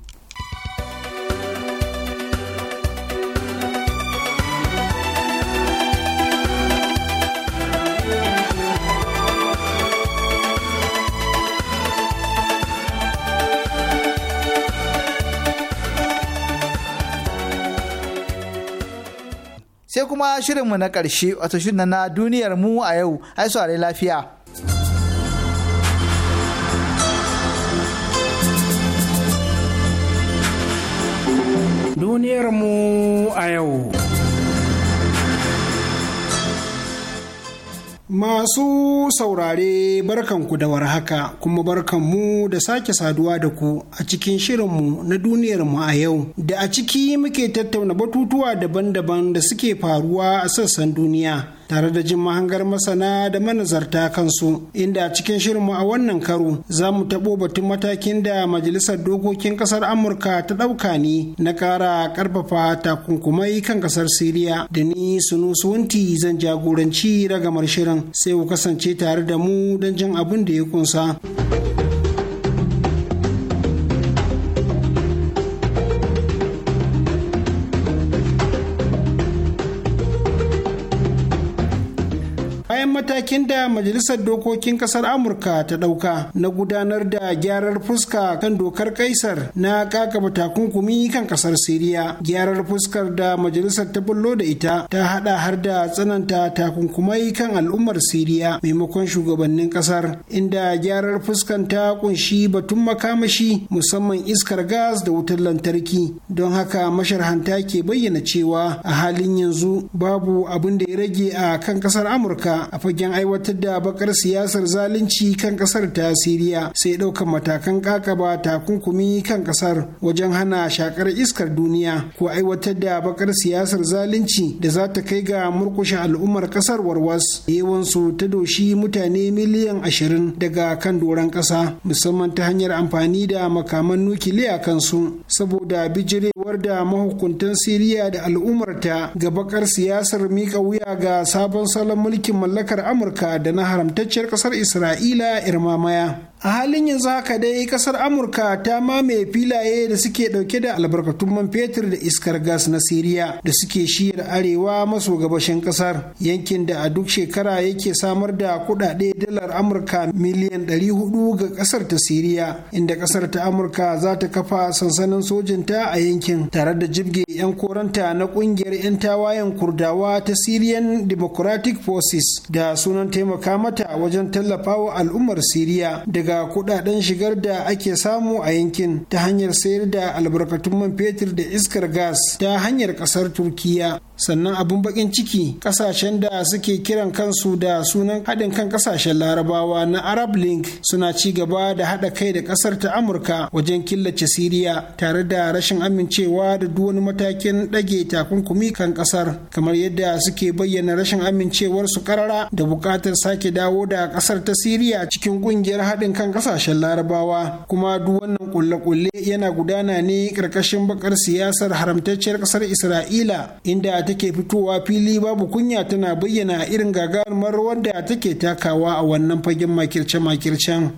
shirinmu na ƙarshe wato shirin na duniyar mu a yau ai saurari lafiya. Duniyar mu a yau. Masu saurare barkan ku da warhaka kuma barkanmu da sake saduwa da ku a cikin shirinmu na duniyarmu a yau da a ciki muke tattauna batutuwa daban-daban da suke faruwa a sassan duniya tare da jin mahangar masana da manazarta kansu inda a cikin shirinmu a wannan karo za mu taɓo batun matakin da majalisar dokokin ƙasar amurka ta ɗauka ne na ƙara ƙarfafa takunkumai kan ƙasar siriya da ni suwanti zan jagoranci ragamar shirin sai ku kasance tare da mu don jin abin da ya kunsa. matakin da majalisar dokokin kasar amurka ta ɗauka na gudanar da gyarar fuska kan dokar kaisar na kakaba takunkumi kan kasar siriya gyarar fuskar da majalisar ta bullo da ita ta hada har da tsananta takunkumai kan al'ummar siriya maimakon shugabannin kasar inda gyarar fuskan ta kunshi batun makamashi musamman iskar gas da wutar lantarki don haka masharhanta ke bayyana cewa a halin yanzu babu abin da ya rage a kan kasar amurka a fagen wajen aiwatar da bakar siyasar zalunci kan kasar ta siriya sai ɗaukar matakan kakaba takunkumi kan kasar wajen hana shakar iskar duniya ko aiwatar da bakar siyasar zalunci da za ta kai ga murkushe al'ummar kasar warwas yawansu ta doshi mutane miliyan ashirin daga kan doron kasa musamman ta hanyar amfani da makaman nukiliya kansu saboda bijirewar da mahukuntan siriya da al'ummar ta ga bakar siyasar mika wuya ga sabon salon mulkin mallakar amurka da na haramtacciyar ƙasar isra'ila irmamaya a halin yanzu haka dai kasar amurka ta mamaye filaye da suke dauke da albarkatun man fetur da iskar gas na siriya da suke shiyar arewa maso gabashin kasar yankin da a duk shekara yake samar da kudade dalar amurka miliyan 400 ga kasar ta siriya inda kasar ta amurka za ta kafa sansanin sojinta a yankin tare da jibge 'yan koranta na kungiyar 'yan tawayen kurdawa ta syrian democratic forces da sunan taimaka mata wajen tallafawa al'ummar siriya daga daga kudaden shigar da ake samu a yankin ta hanyar sayar da albarkatun man fetur da iskar gas ta hanyar kasar turkiya sannan abin bakin ciki kasashen da suke kiran kansu da sunan haɗin kan kasashen larabawa na arab link suna ci gaba da haɗa kai da kasar ta amurka wajen killace siriya tare da rashin amincewa da duk wani matakin ɗage takunkumi kan ƙasar kamar yadda suke bayyana rashin amincewar su karara da buƙatar sake dawo da ƙasar ta siriya cikin ƙungiyar haɗin kan kan kasashen larabawa kuma duk wannan kulle-kulle yana gudana ne karkashin bakar siyasar haramtacciyar kasar isra'ila inda take fitowa fili babu kunya tana bayyana irin gagarumar da take takawa a wannan fagen makirce-makircen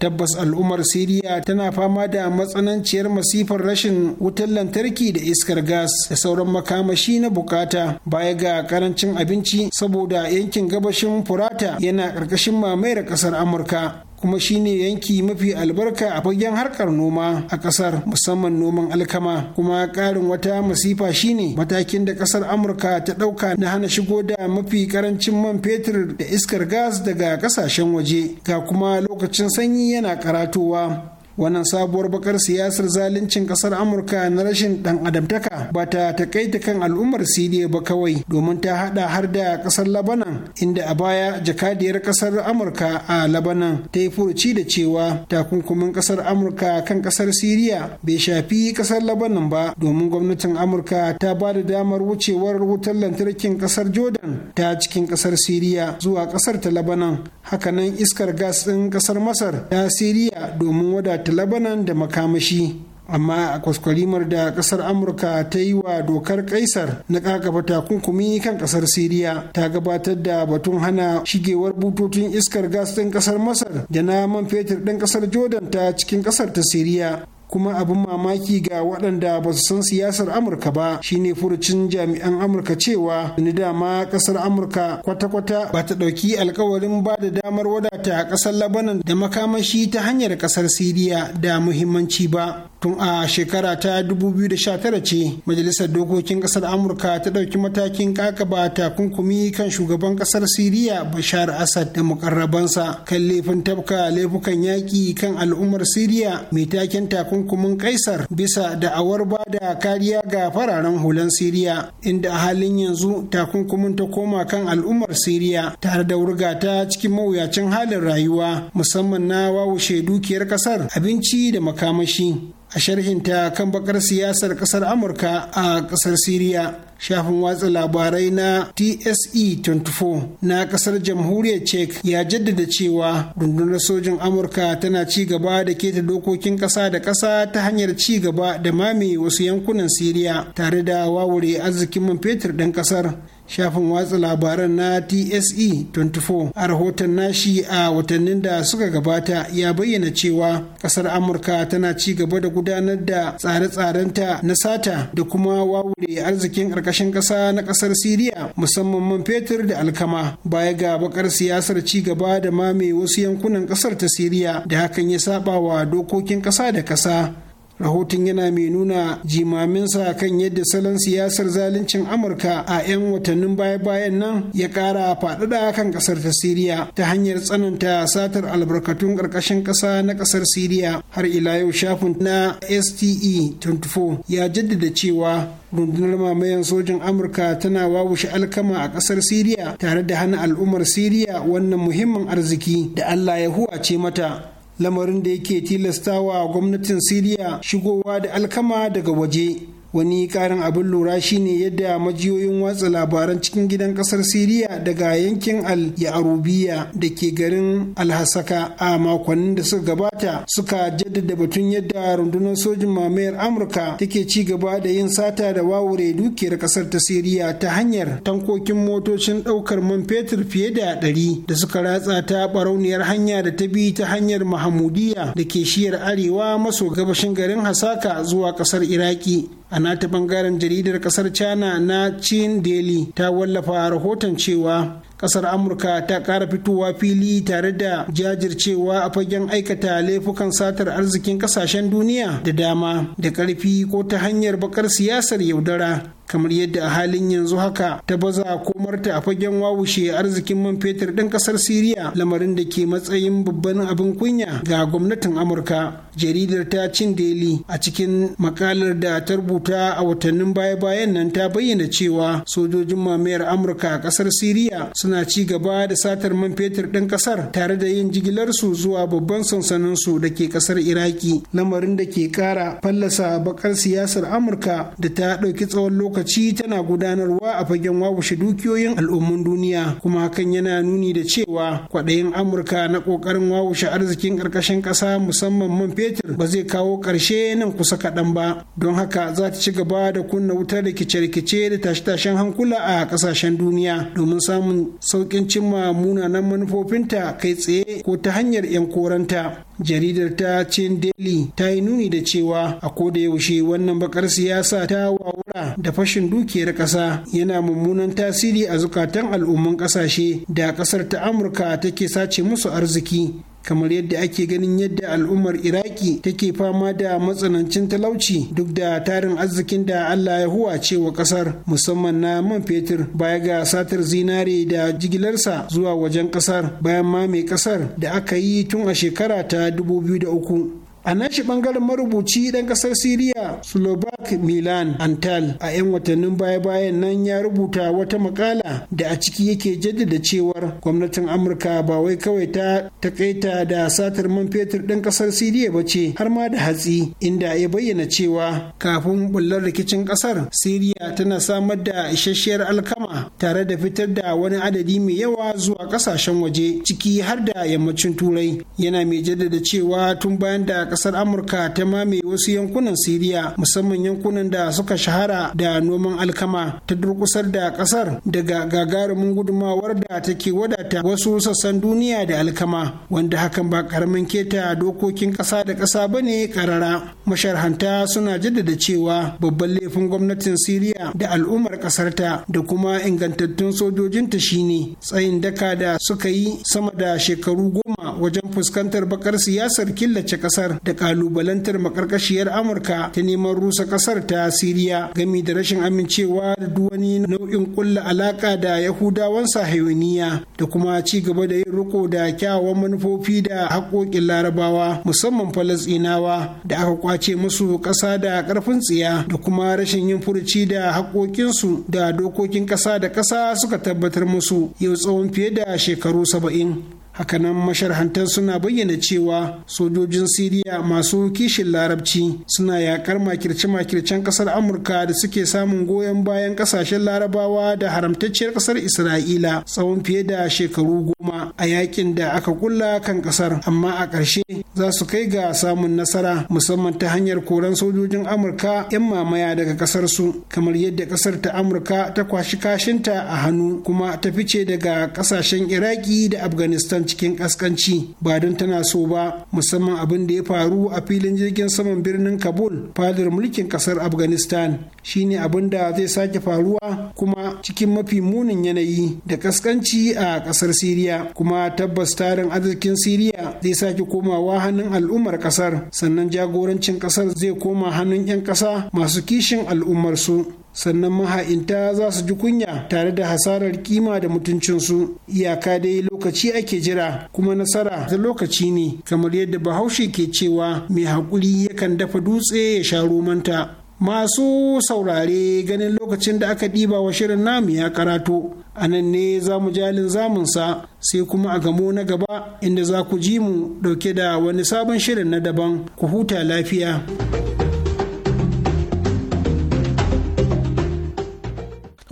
tabbas al'ummar siriya tana fama da matsananciyar masifar rashin wutar lantarki da iskar gas da sauran makamashi na bukata baya ga karancin abinci saboda yankin gabashin furata yana ƙarƙashin mamayar ƙasar amurka kuma shine yanki mafi albarka a fagen harkar noma a kasar musamman noman alkama kuma karin wata masifa shine matakin da kasar amurka ta dauka na hana shigo da mafi karancin man fetur da iskar gas daga kasashen waje ga kuma lokacin sanyi yana karatowa wannan sabuwar bakar siyasar zaluncin kasar amurka na rashin dan adamtaka ba ta takaita kan al'ummar siriya ba kawai domin ta hada har da kasar labanan inda a baya jakadiyar kasar amurka a labanan ta yi furuci da cewa takunkumin kasar amurka kan kasar siriya bai shafi kasar labanan ba domin gwamnatin amurka ta ba da damar wucewar wutar lantarkin kasar jordan ta cikin kasar siriya zuwa kasar ta labanan hakanan iskar gas ɗin kasar masar ta siriya domin wadata ta labanan da makamashi amma a kwaskwarimar da kasar amurka ta yi wa dokar kaisar na kakaba takunkumi kan kasar siriya ta gabatar da batun hana shigewar bututun iskar gas ɗin kasar masar da na man fetur ɗin kasar jordan ta cikin kasar ta siriya kuma abin mamaki ga waɗanda ba su san siyasar amurka ba shine furucin jami'an amurka cewa ni dama ƙasar amurka kwata-kwata ba ta ɗauki alkawarin ba da damar wadata a ƙasar labanan da makamashi ta hanyar ƙasar siriya da muhimmanci ba tun a shekara ta 2019 ce majalisar dokokin ƙasar amurka ta ɗauki matakin ƙakaba takunkumi kan shugaban ƙasar siriya bashar asad da mukarrabansa kan laifin tafka laifukan yaƙi kan al'ummar siriya mai taken takunkumi takunkumin kaisar bisa da'awar ba da kariya ga fararen hulan siriya inda a halin yanzu takunkumin ta koma kan al'ummar siriya tare da wurgata cikin mawuyacin halin rayuwa musamman na wawushe dukiyar kasar abinci da makamashi a sharhinta kan bakar siyasar kasar amurka a kasar siriya shafin watsa labarai na tse 24 na kasar jamhuriyar czech ya jaddada cewa rundunar sojin amurka tana ci gaba da keta dokokin kasa da kasa ta hanyar ci gaba da mame wasu yankunan siriya tare da wawure arzikin man fetur ɗan kasar shafin watsa labaran na tse 24 a rahoton nashi a watannin da suka gabata ya bayyana cewa kasar amurka tana ci gaba da gudanar da tsare-tsarenta na sata da kuma wawure arzikin ƙarƙashin ƙasa na ƙasar siriya musamman man fetur da alkama baya ga bakar siyasar ci gaba da mame wasu yankunan ƙasar ta siriya da hakan ya saba wa dokokin ƙasa da ƙasa rahoton yana mai nuna jimaminsa kan yadda salon siyasar zaluncin amurka a 'yan watannin baya-bayan nan ya kara faɗaɗa kan ƙasar ta siriya ta hanyar tsananta satar albarkatun ƙarƙashin ƙasa na ƙasar siriya har ila yau shafin na ste 24 ya jaddada cewa rundunar mamayan sojin amurka tana wawushe alkama a ƙasar siriya tare da hana al'ummar siriya wannan muhimmin arziki da allah ya huwace mata lamarin da yake tilastawa gwamnatin siriya shigowa da alkama daga waje wani karin abin lura shine yadda majiyoyin watsa labaran cikin gidan kasar siriya daga yankin al yarubiya da ke garin alhasaka a makonnin da suka gabata suka jaddada batun yadda rundunar sojin mamayar amurka take ci gaba da yin sata da wawure dukiyar kasar ta siriya ta hanyar tankokin motocin daukar man fetur fiye da ɗari da suka ratsa ta barauniyar hanya da ta bi ta hanyar mahamudiya da ke shiyar arewa maso gabashin garin hasaka zuwa kasar iraki a nata bangaren jaridar kasar china na chin daily ta wallafa rahoton cewa kasar amurka ta kara fitowa fili tare da jajircewa a fagen aikata laifukan satar arzikin kasashen duniya da dama da karfi ko ta hanyar bakar siyasar yaudara kamar yadda a halin yanzu haka ta baza komarta a fagen wawushe arzikin man fetur ɗin ƙasar siriya lamarin da ke matsayin babban abin kunya ga gwamnatin amurka jaridar ta cin daily a cikin makalar da ta rubuta a watannin baya-bayan nan ta bayyana cewa sojojin mamayar amurka a ƙasar siriya suna ci gaba da satar man fetur ɗin ƙasar tare da yin jigilarsu zuwa babban sansaninsu da ke ƙasar iraki lamarin da ke ƙara fallasa bakar siyasar amurka da ta ɗauki tsawon lokaci lokaci tana gudanarwa a fagen wawushe dukiyoyin al'ummun duniya kuma hakan yana nuni da cewa kwaɗayin amurka na ƙoƙarin wawushe arzikin ƙarƙashin ƙasa musamman man fetur ba zai kawo ƙarshe nan kusa kaɗan ba don haka za ta ci gaba da kunna wutar rikice-rikice da tashe-tashen hankula a ƙasashen duniya domin samun sauƙin cimma munanan manufofinta kai tsaye ko ta hanyar 'yan koranta jaridar ta cin daily ta yi nuni da cewa a koda yaushe wannan bakar siyasa ta wawura da fashin dukiyar kasa yana mummunan tasiri a zukatan al'umman kasashe da kasar ta amurka take sace musu arziki kamar yadda ake ganin yadda al'ummar iraki take fama da matsanancin talauci duk da tarin arzikin da allah ya huwa cewa kasar musamman na man fetur baya ga satar zinare da jigilarsa zuwa wajen kasar bayan mame kasar da aka yi tun a shekara ta 2003 a nan shi bangaren marubuci dan kasar siriya slovak milan antal a 'yan watannin baya-bayan nan ya rubuta wata makala da a ciki yake jaddada cewar gwamnatin amurka ba wai kawai ta takaita da satar man fetur ɗin kasar siriya ba ce har ma da hatsi inda ya bayyana cewa kafin bullar rikicin kasar siriya tana samar da isasshiyar alkama tare da fitar da wani adadi mai yawa zuwa kasashen waje ciki har da yammacin turai yana mai jaddada cewa tun bayan da kasar amurka ta mame wasu yankunan siriya musamman yankunan da suka shahara da noman alkama ta durkusar da kasar daga gagarumin gudumawar da take wadata wasu sassan duniya da alkama wanda hakan ba karamin keta dokokin kasa da kasa ba ne karara masharhanta suna jaddada cewa babban laifin gwamnatin siriya da al'ummar kasarta da kuma ingantattun sojojinta shine tsayin daka da suka yi sama da shekaru goma wajen fuskantar bakar siyasar killace kasar da kalubalantar makarkashiyar amurka ta neman rusa kasar ta siriya gami da rashin amincewa da duk wani nau'in kulla alaka da yahudawan sahayoniya da kuma ci gaba da yin riko da kyawawan manufofi da haƙoƙin larabawa musamman falasɗinawa da aka kwace musu ƙasa da ƙarfin tsiya da kuma rashin yin furuci da haƙoƙinsu da dokokin ƙasa da ƙasa suka tabbatar musu yau tsawon fiye da shekaru saba'in hakanan masharhantar suna bayyana cewa sojojin siriya masu kishin larabci suna yakar makirce-makircen kasar amurka da suke samun goyon bayan kasashen larabawa da haramtacciyar kasar isra'ila tsawon fiye da shekaru goma a yakin da aka kulla kan kasar amma a ƙarshe za su kai ga samun nasara musamman ta hanyar koran sojojin amurka 'yan mamaya daga kasar su kamar yadda kasar ta amurka ta kwashi kashinta a hannu kuma ta fice daga kasashen iraki da afghanistan kasan cikin kaskanci ba don tana so ba musamman abin da ya faru a filin jirgin saman birnin kabul fadar mulkin kasar afghanistan shine abin da zai sake faruwa kuma cikin mafi munin yanayi da kaskanci a kasar siriya kuma tabbas tarin arzikin siriya zai sake komawa hannun al'ummar kasar sannan jagorancin kasar zai koma hannun 'yan kasa masu kishin al'ummarsu sannan maha'inta za su ji kunya tare da hasarar kima da mutuncinsu iyaka dai lokaci ake jira kuma nasara ta lokaci ne kamar yadda bahaushe ke cewa mai haƙuri yakan dafa dutse ya sha romanta masu saurare ganin lokacin da aka ɗiba wa shirin namu ya karato a nan ne za mu jalin zamunsa sai kuma a gamo na gaba inda za ku ji mu ɗauke da wani sabon shirin na daban ku huta lafiya.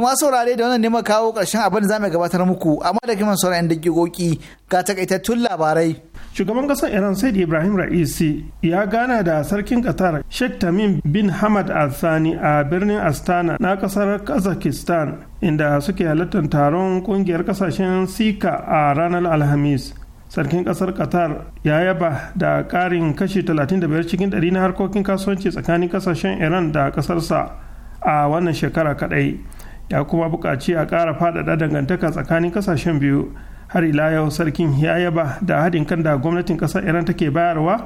kuma saurare da wannan neman kawo ƙarshen abin da za mu gabatar muku amma da kiman da gigoki ga takaitattun labarai. Shugaban ƙasar Iran Said Ibrahim Ra'isi ya gana da sarkin Qatar Sheikh Tamim bin Hamad Al Thani a birnin Astana na ƙasar Kazakhstan inda suke halartar taron ƙungiyar ƙasashen Sika a ranar Alhamis. sarkin kasar qatar ya yaba da karin kashi 35 cikin 100 na harkokin kasuwanci tsakanin ƙasashen iran da ƙasarsa a wannan shekara kadai ya kuma buƙaci a ƙara faɗaɗa dangantaka tsakanin ƙasashen biyu har ila yau sarkin ya yaba da haɗin kan da gwamnatin ƙasar iran take bayarwa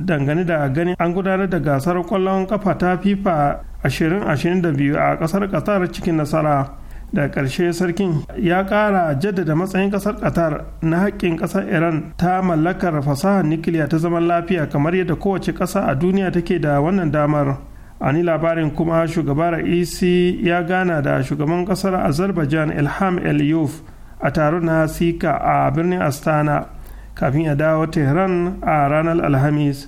dangane da ganin an gudanar da gasar kwallon kafa ta fifa 2022 a ƙasar qatar cikin nasara da ƙarshe sarkin ya kara jaddada matsayin ƙasar qatar na haƙƙin ƙasar iran ta mallakar fasahar nikiliya ta zaman lafiya kamar yadda kowace ƙasa a duniya take da wannan damar. ani labarin kuma shugaba ra'isi ya gana da shugaban kasar azerbaijan ilham eliyuf a taron na sika a birnin astana kafin ya dawo tehran a ranar alhamis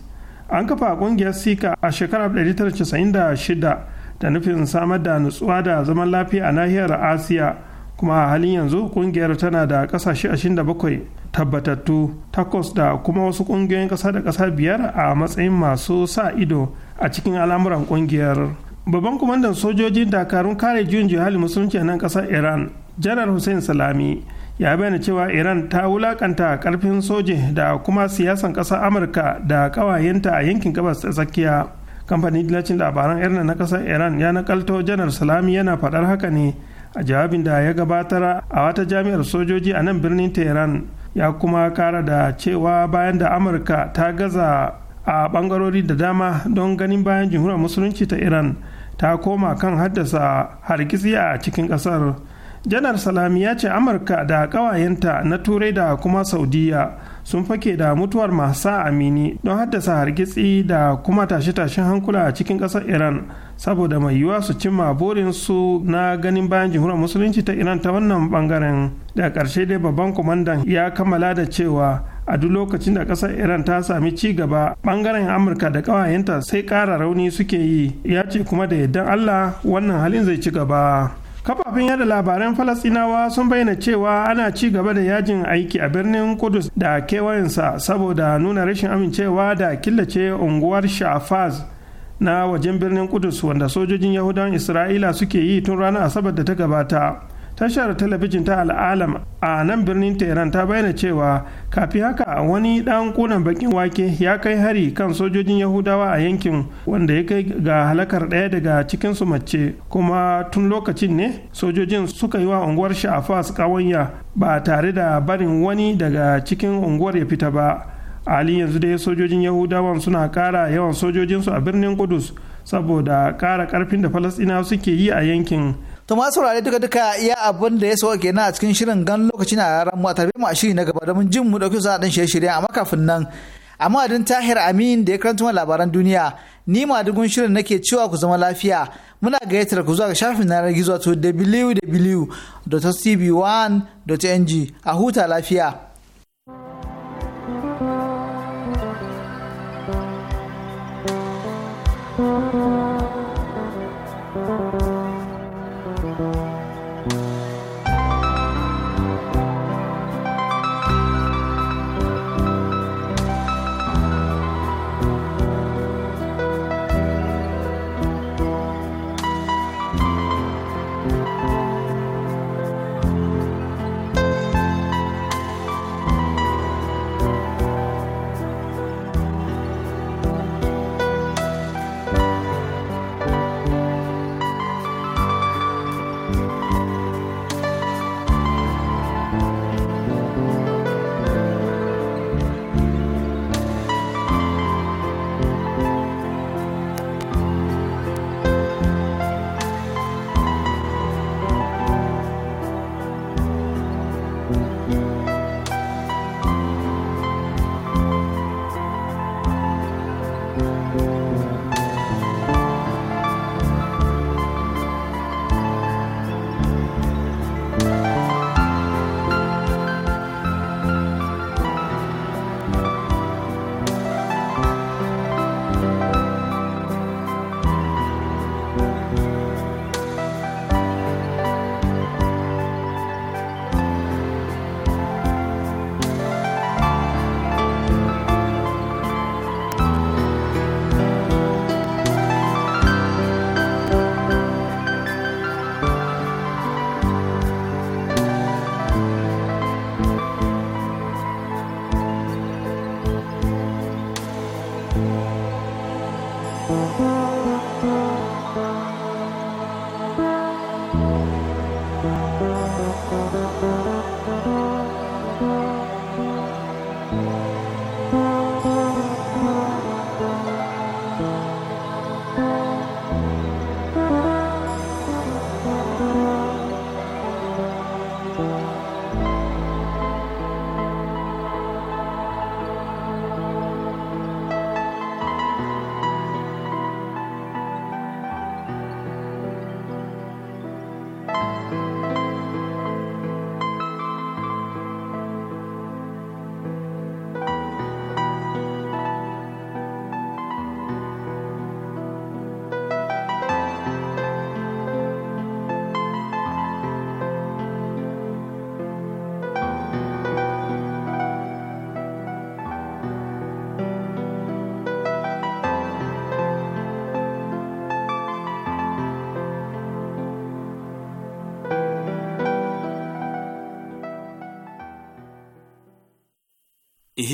an kafa kungiyar sika a shekarar 1996 da nufin samar da nutsuwa da zaman lafiya a nahiyar asiya kuma a halin yanzu kungiyar tana da kasashe 27 tabbatattu takwas da kuma wasu ƙungiyoyin ƙasa da ƙasa biyar a matsayin masu sa ido a cikin al'amuran ƙungiyar babban kwamandan sojojin dakarun kare juyin jihali musulunci nan ƙasar iran janar hussein salami ya bayyana cewa iran ta wulakanta karfin soje da kuma siyasan ƙasar amurka da ƙawayenta a yankin gabas ta tsakiya kamfanin dillacin labaran irin na ƙasar iran ya nakalto janar salami yana faɗar haka ne a jawabin da ya gabatar a wata jami'ar sojoji a nan birnin tehran ya kuma kara da cewa bayan da amurka ta gaza a bangarori da dama don ganin bayan jimhuriyar musulunci ta iran ta koma kan haddasa hargitsi a cikin kasar janar salami ya ce amurka da kawayenta na turai da kuma saudiya sun fake da mutuwar masa amini don haddasa hargitsi da kuma tashe-tashen hankula a cikin ƙasar iran saboda mai yiwuwa su cimma burinsu na ganin bayan jihunan musulunci ta iran ta wannan bangaren da ƙarshe dai babban kwamandan ya kammala da cewa a duk lokacin da ƙasar iran ta sami ci gaba ɓangaren amurka da ƙawayenta sai ƙara rauni suke yi ya ce kuma da yardan allah wannan halin zai ci gaba kafafen yada labaran falasinawa sun bayyana cewa ana ci gaba da yajin aiki a birnin kudus da kewayensa saboda nuna rashin amincewa da killace unguwar shafaz na wajen birnin kudus wanda sojojin yahudan isra'ila suke yi tun ranar asabar da ta gabata tashar talabijin ta al'alam a nan birnin tehran ta bayyana cewa kafin haka wani dan kunan bakin wake ya kai hari kan sojojin yahudawa a yankin wanda ya kai ga halakar ɗaya daga cikinsu mace kuma tun lokacin ne sojojin suka yi wa unguwar shafas kawanya ba tare da barin wani daga cikin unguwar ya fita ba halin yanzu dai sojojin yahudawan suna ƙara yawan sojojinsu a birnin kudus saboda kara ƙarfin da falasɗinawa suke yi a yankin to ma saurare duka duka iya abin da ya sauka kenan a cikin shirin gan lokaci na ran mu a tarbe mu a shiri na gaba domin jin mu dauki zuwa dan shirye-shirye amma kafin nan a madadin tahir amin da ya karanta labaran duniya ni ma dugun shirin nake cewa ku zama lafiya muna gayyatar ku zuwa ga shafin na gizo to wwwcb 1ng a huta lafiya